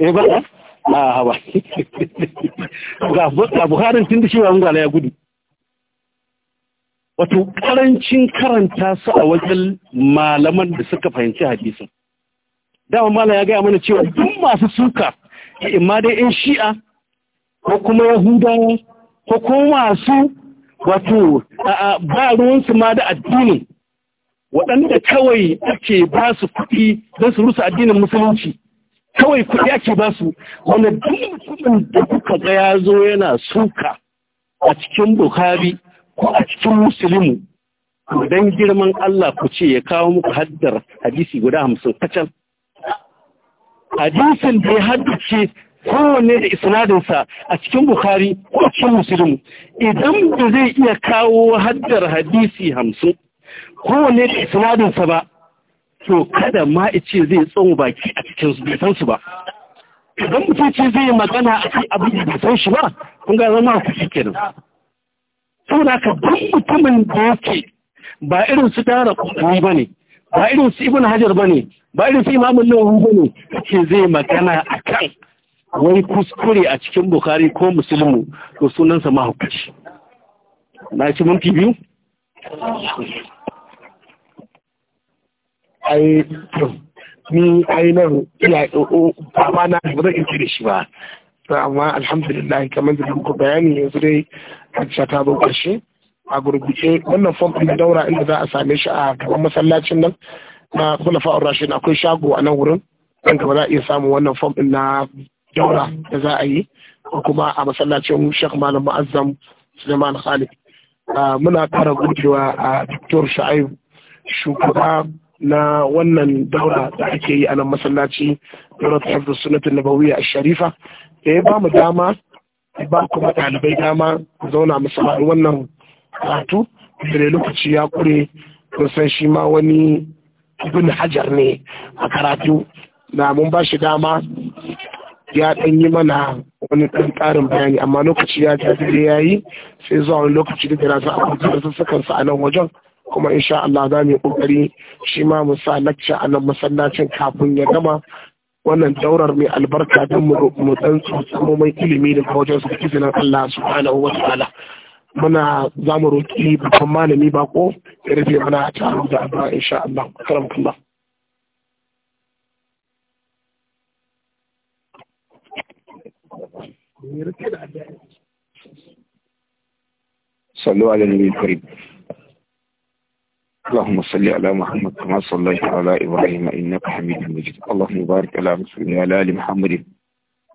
Speaker 5: eh ba a ba ah, ga bukarin tun da shi wa ya gudu wato karancin karanta su a wajen malaman da suka fahimci hadisin dama malam ya gaya mana cewa duk masu suka imma eh, dai yan shi'a ko kuma yahudawa ko kuma masu wato ba ruwansu ma da addinin. waɗanda kawai ake ba su kuɗi don su rusa addinin musulunci kawai kuɗi ake ba su wanda duk kuɗin da kuka ga ya zo yana suka a cikin bukari ko a cikin musulmi don girman Allah ku ce ya kawo muku haddar hadisi guda hamsin kacal hadisin da ya haddace kowane da isnadinsa a cikin bukhari ko cikin musulmi idan ba zai iya kawo haddar hadisi hamsin kowane da isnadinsa ba to kada ma ice zai tsawo baki a cikin su bai san su ba idan mutum ce zai yi magana a kan abin da bai san shi ba kun ga zama ku shi kenan na ka duk mutumin da yake ba irin su tara kuɗi ba ne ba irin su ibn hajar ba ne ba irin su imamun nawawi ba ne ce zai magana a kan wani kuskure a cikin bukari ko musulmi to sunansa mahaukaci na ci fi biyu
Speaker 1: ai ni ai nan ina amma na ba zan iya da shi ba amma alhamdulillah kamar da muku bayani yanzu dai hajjata ta zo ƙarshe a gurguje wannan fom ɗin daura inda za a same shi a gaban masallacin nan na kulafa'ur rashin akwai shago a nan wurin ɗan gaba za a iya samun wannan fom ɗin na daura da za a yi kuma a masallacin shek Malam Ma'azzam Suleiman Khalid ah, muna kara gudewa a Dr. Sha'ib shugaba na wannan daura da ake yi a nan masallaci daurat hafdus sunatun nabawiyya a sharifa da ya ba mu dama ba kuma ɗalibai dama zauna mu wannan karatu da lokaci ya kure kun san shi ma wani ibn hajar ne a karatu na mun ba shi dama ya ɗan yi mana wani ɗan ƙarin bayani amma lokaci ya jajire ya yi sai zuwa wani lokaci da jira za a kuma da sassakansa a nan wajen kuma insha Allah za mu kokari shi ma mu sa lacca a nan masallacin kafin ya gama wannan daurar mai albarka don mu dan tsamomin ilimi daga wajen su izinin Allah subhanahu wa ta'ala muna za mu roƙi babban malami bako ya rufe mana a taron da addu'a insha Allah karamkullah
Speaker 6: صلوا على النبي الكريم اللهم صل على محمد كما صليت على إبراهيم إنك حميد مجيد اللهم بارك على محمد وعلى آل محمد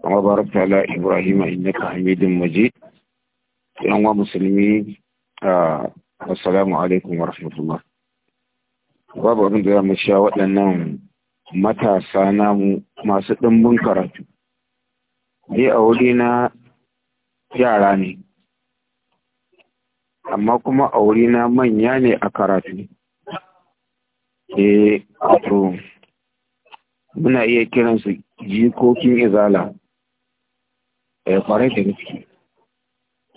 Speaker 6: كما باركت على إبراهيم إنك حميد مجيد يا مسلمين assalamu alaikum wa rahmatullah babu abin da mu sha waɗannan matasa namu masu ɗimbin karatu ni a wuri na yara ne amma kuma a wuri na manya ne a karatu eh muna iya kiransu jikokin izala ya eh, kwarai da gaske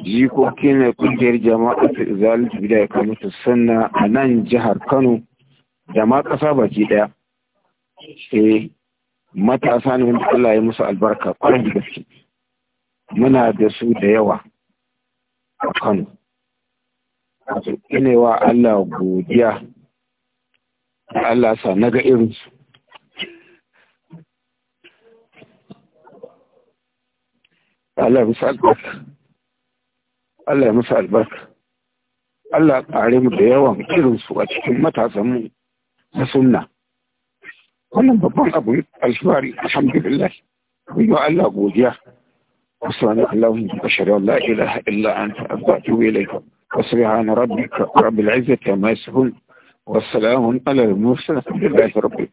Speaker 6: jikokin na kungiyar jama'a ta izala ta da ya kamata sanna a nan jihar kano da ma ƙasa baki ɗaya eh matasa ne wanda Allah ya musu albarka kwarai da gaske muna da su da yawa a kano ina wa Allah godiya Allah sa na ga su. Allah musu albarka Allah ya musu albarka Allah ya ƙare mu da yawan irin su a cikin matasanmu na sunna wannan babban abu alfahari alhamdulillah yi Allah godiya وسبحانك الله بشر لا إله إلا أنت أستغفرك إليك وسبحان ربك رب العزة عما يصفون والسلام على المرسلين لله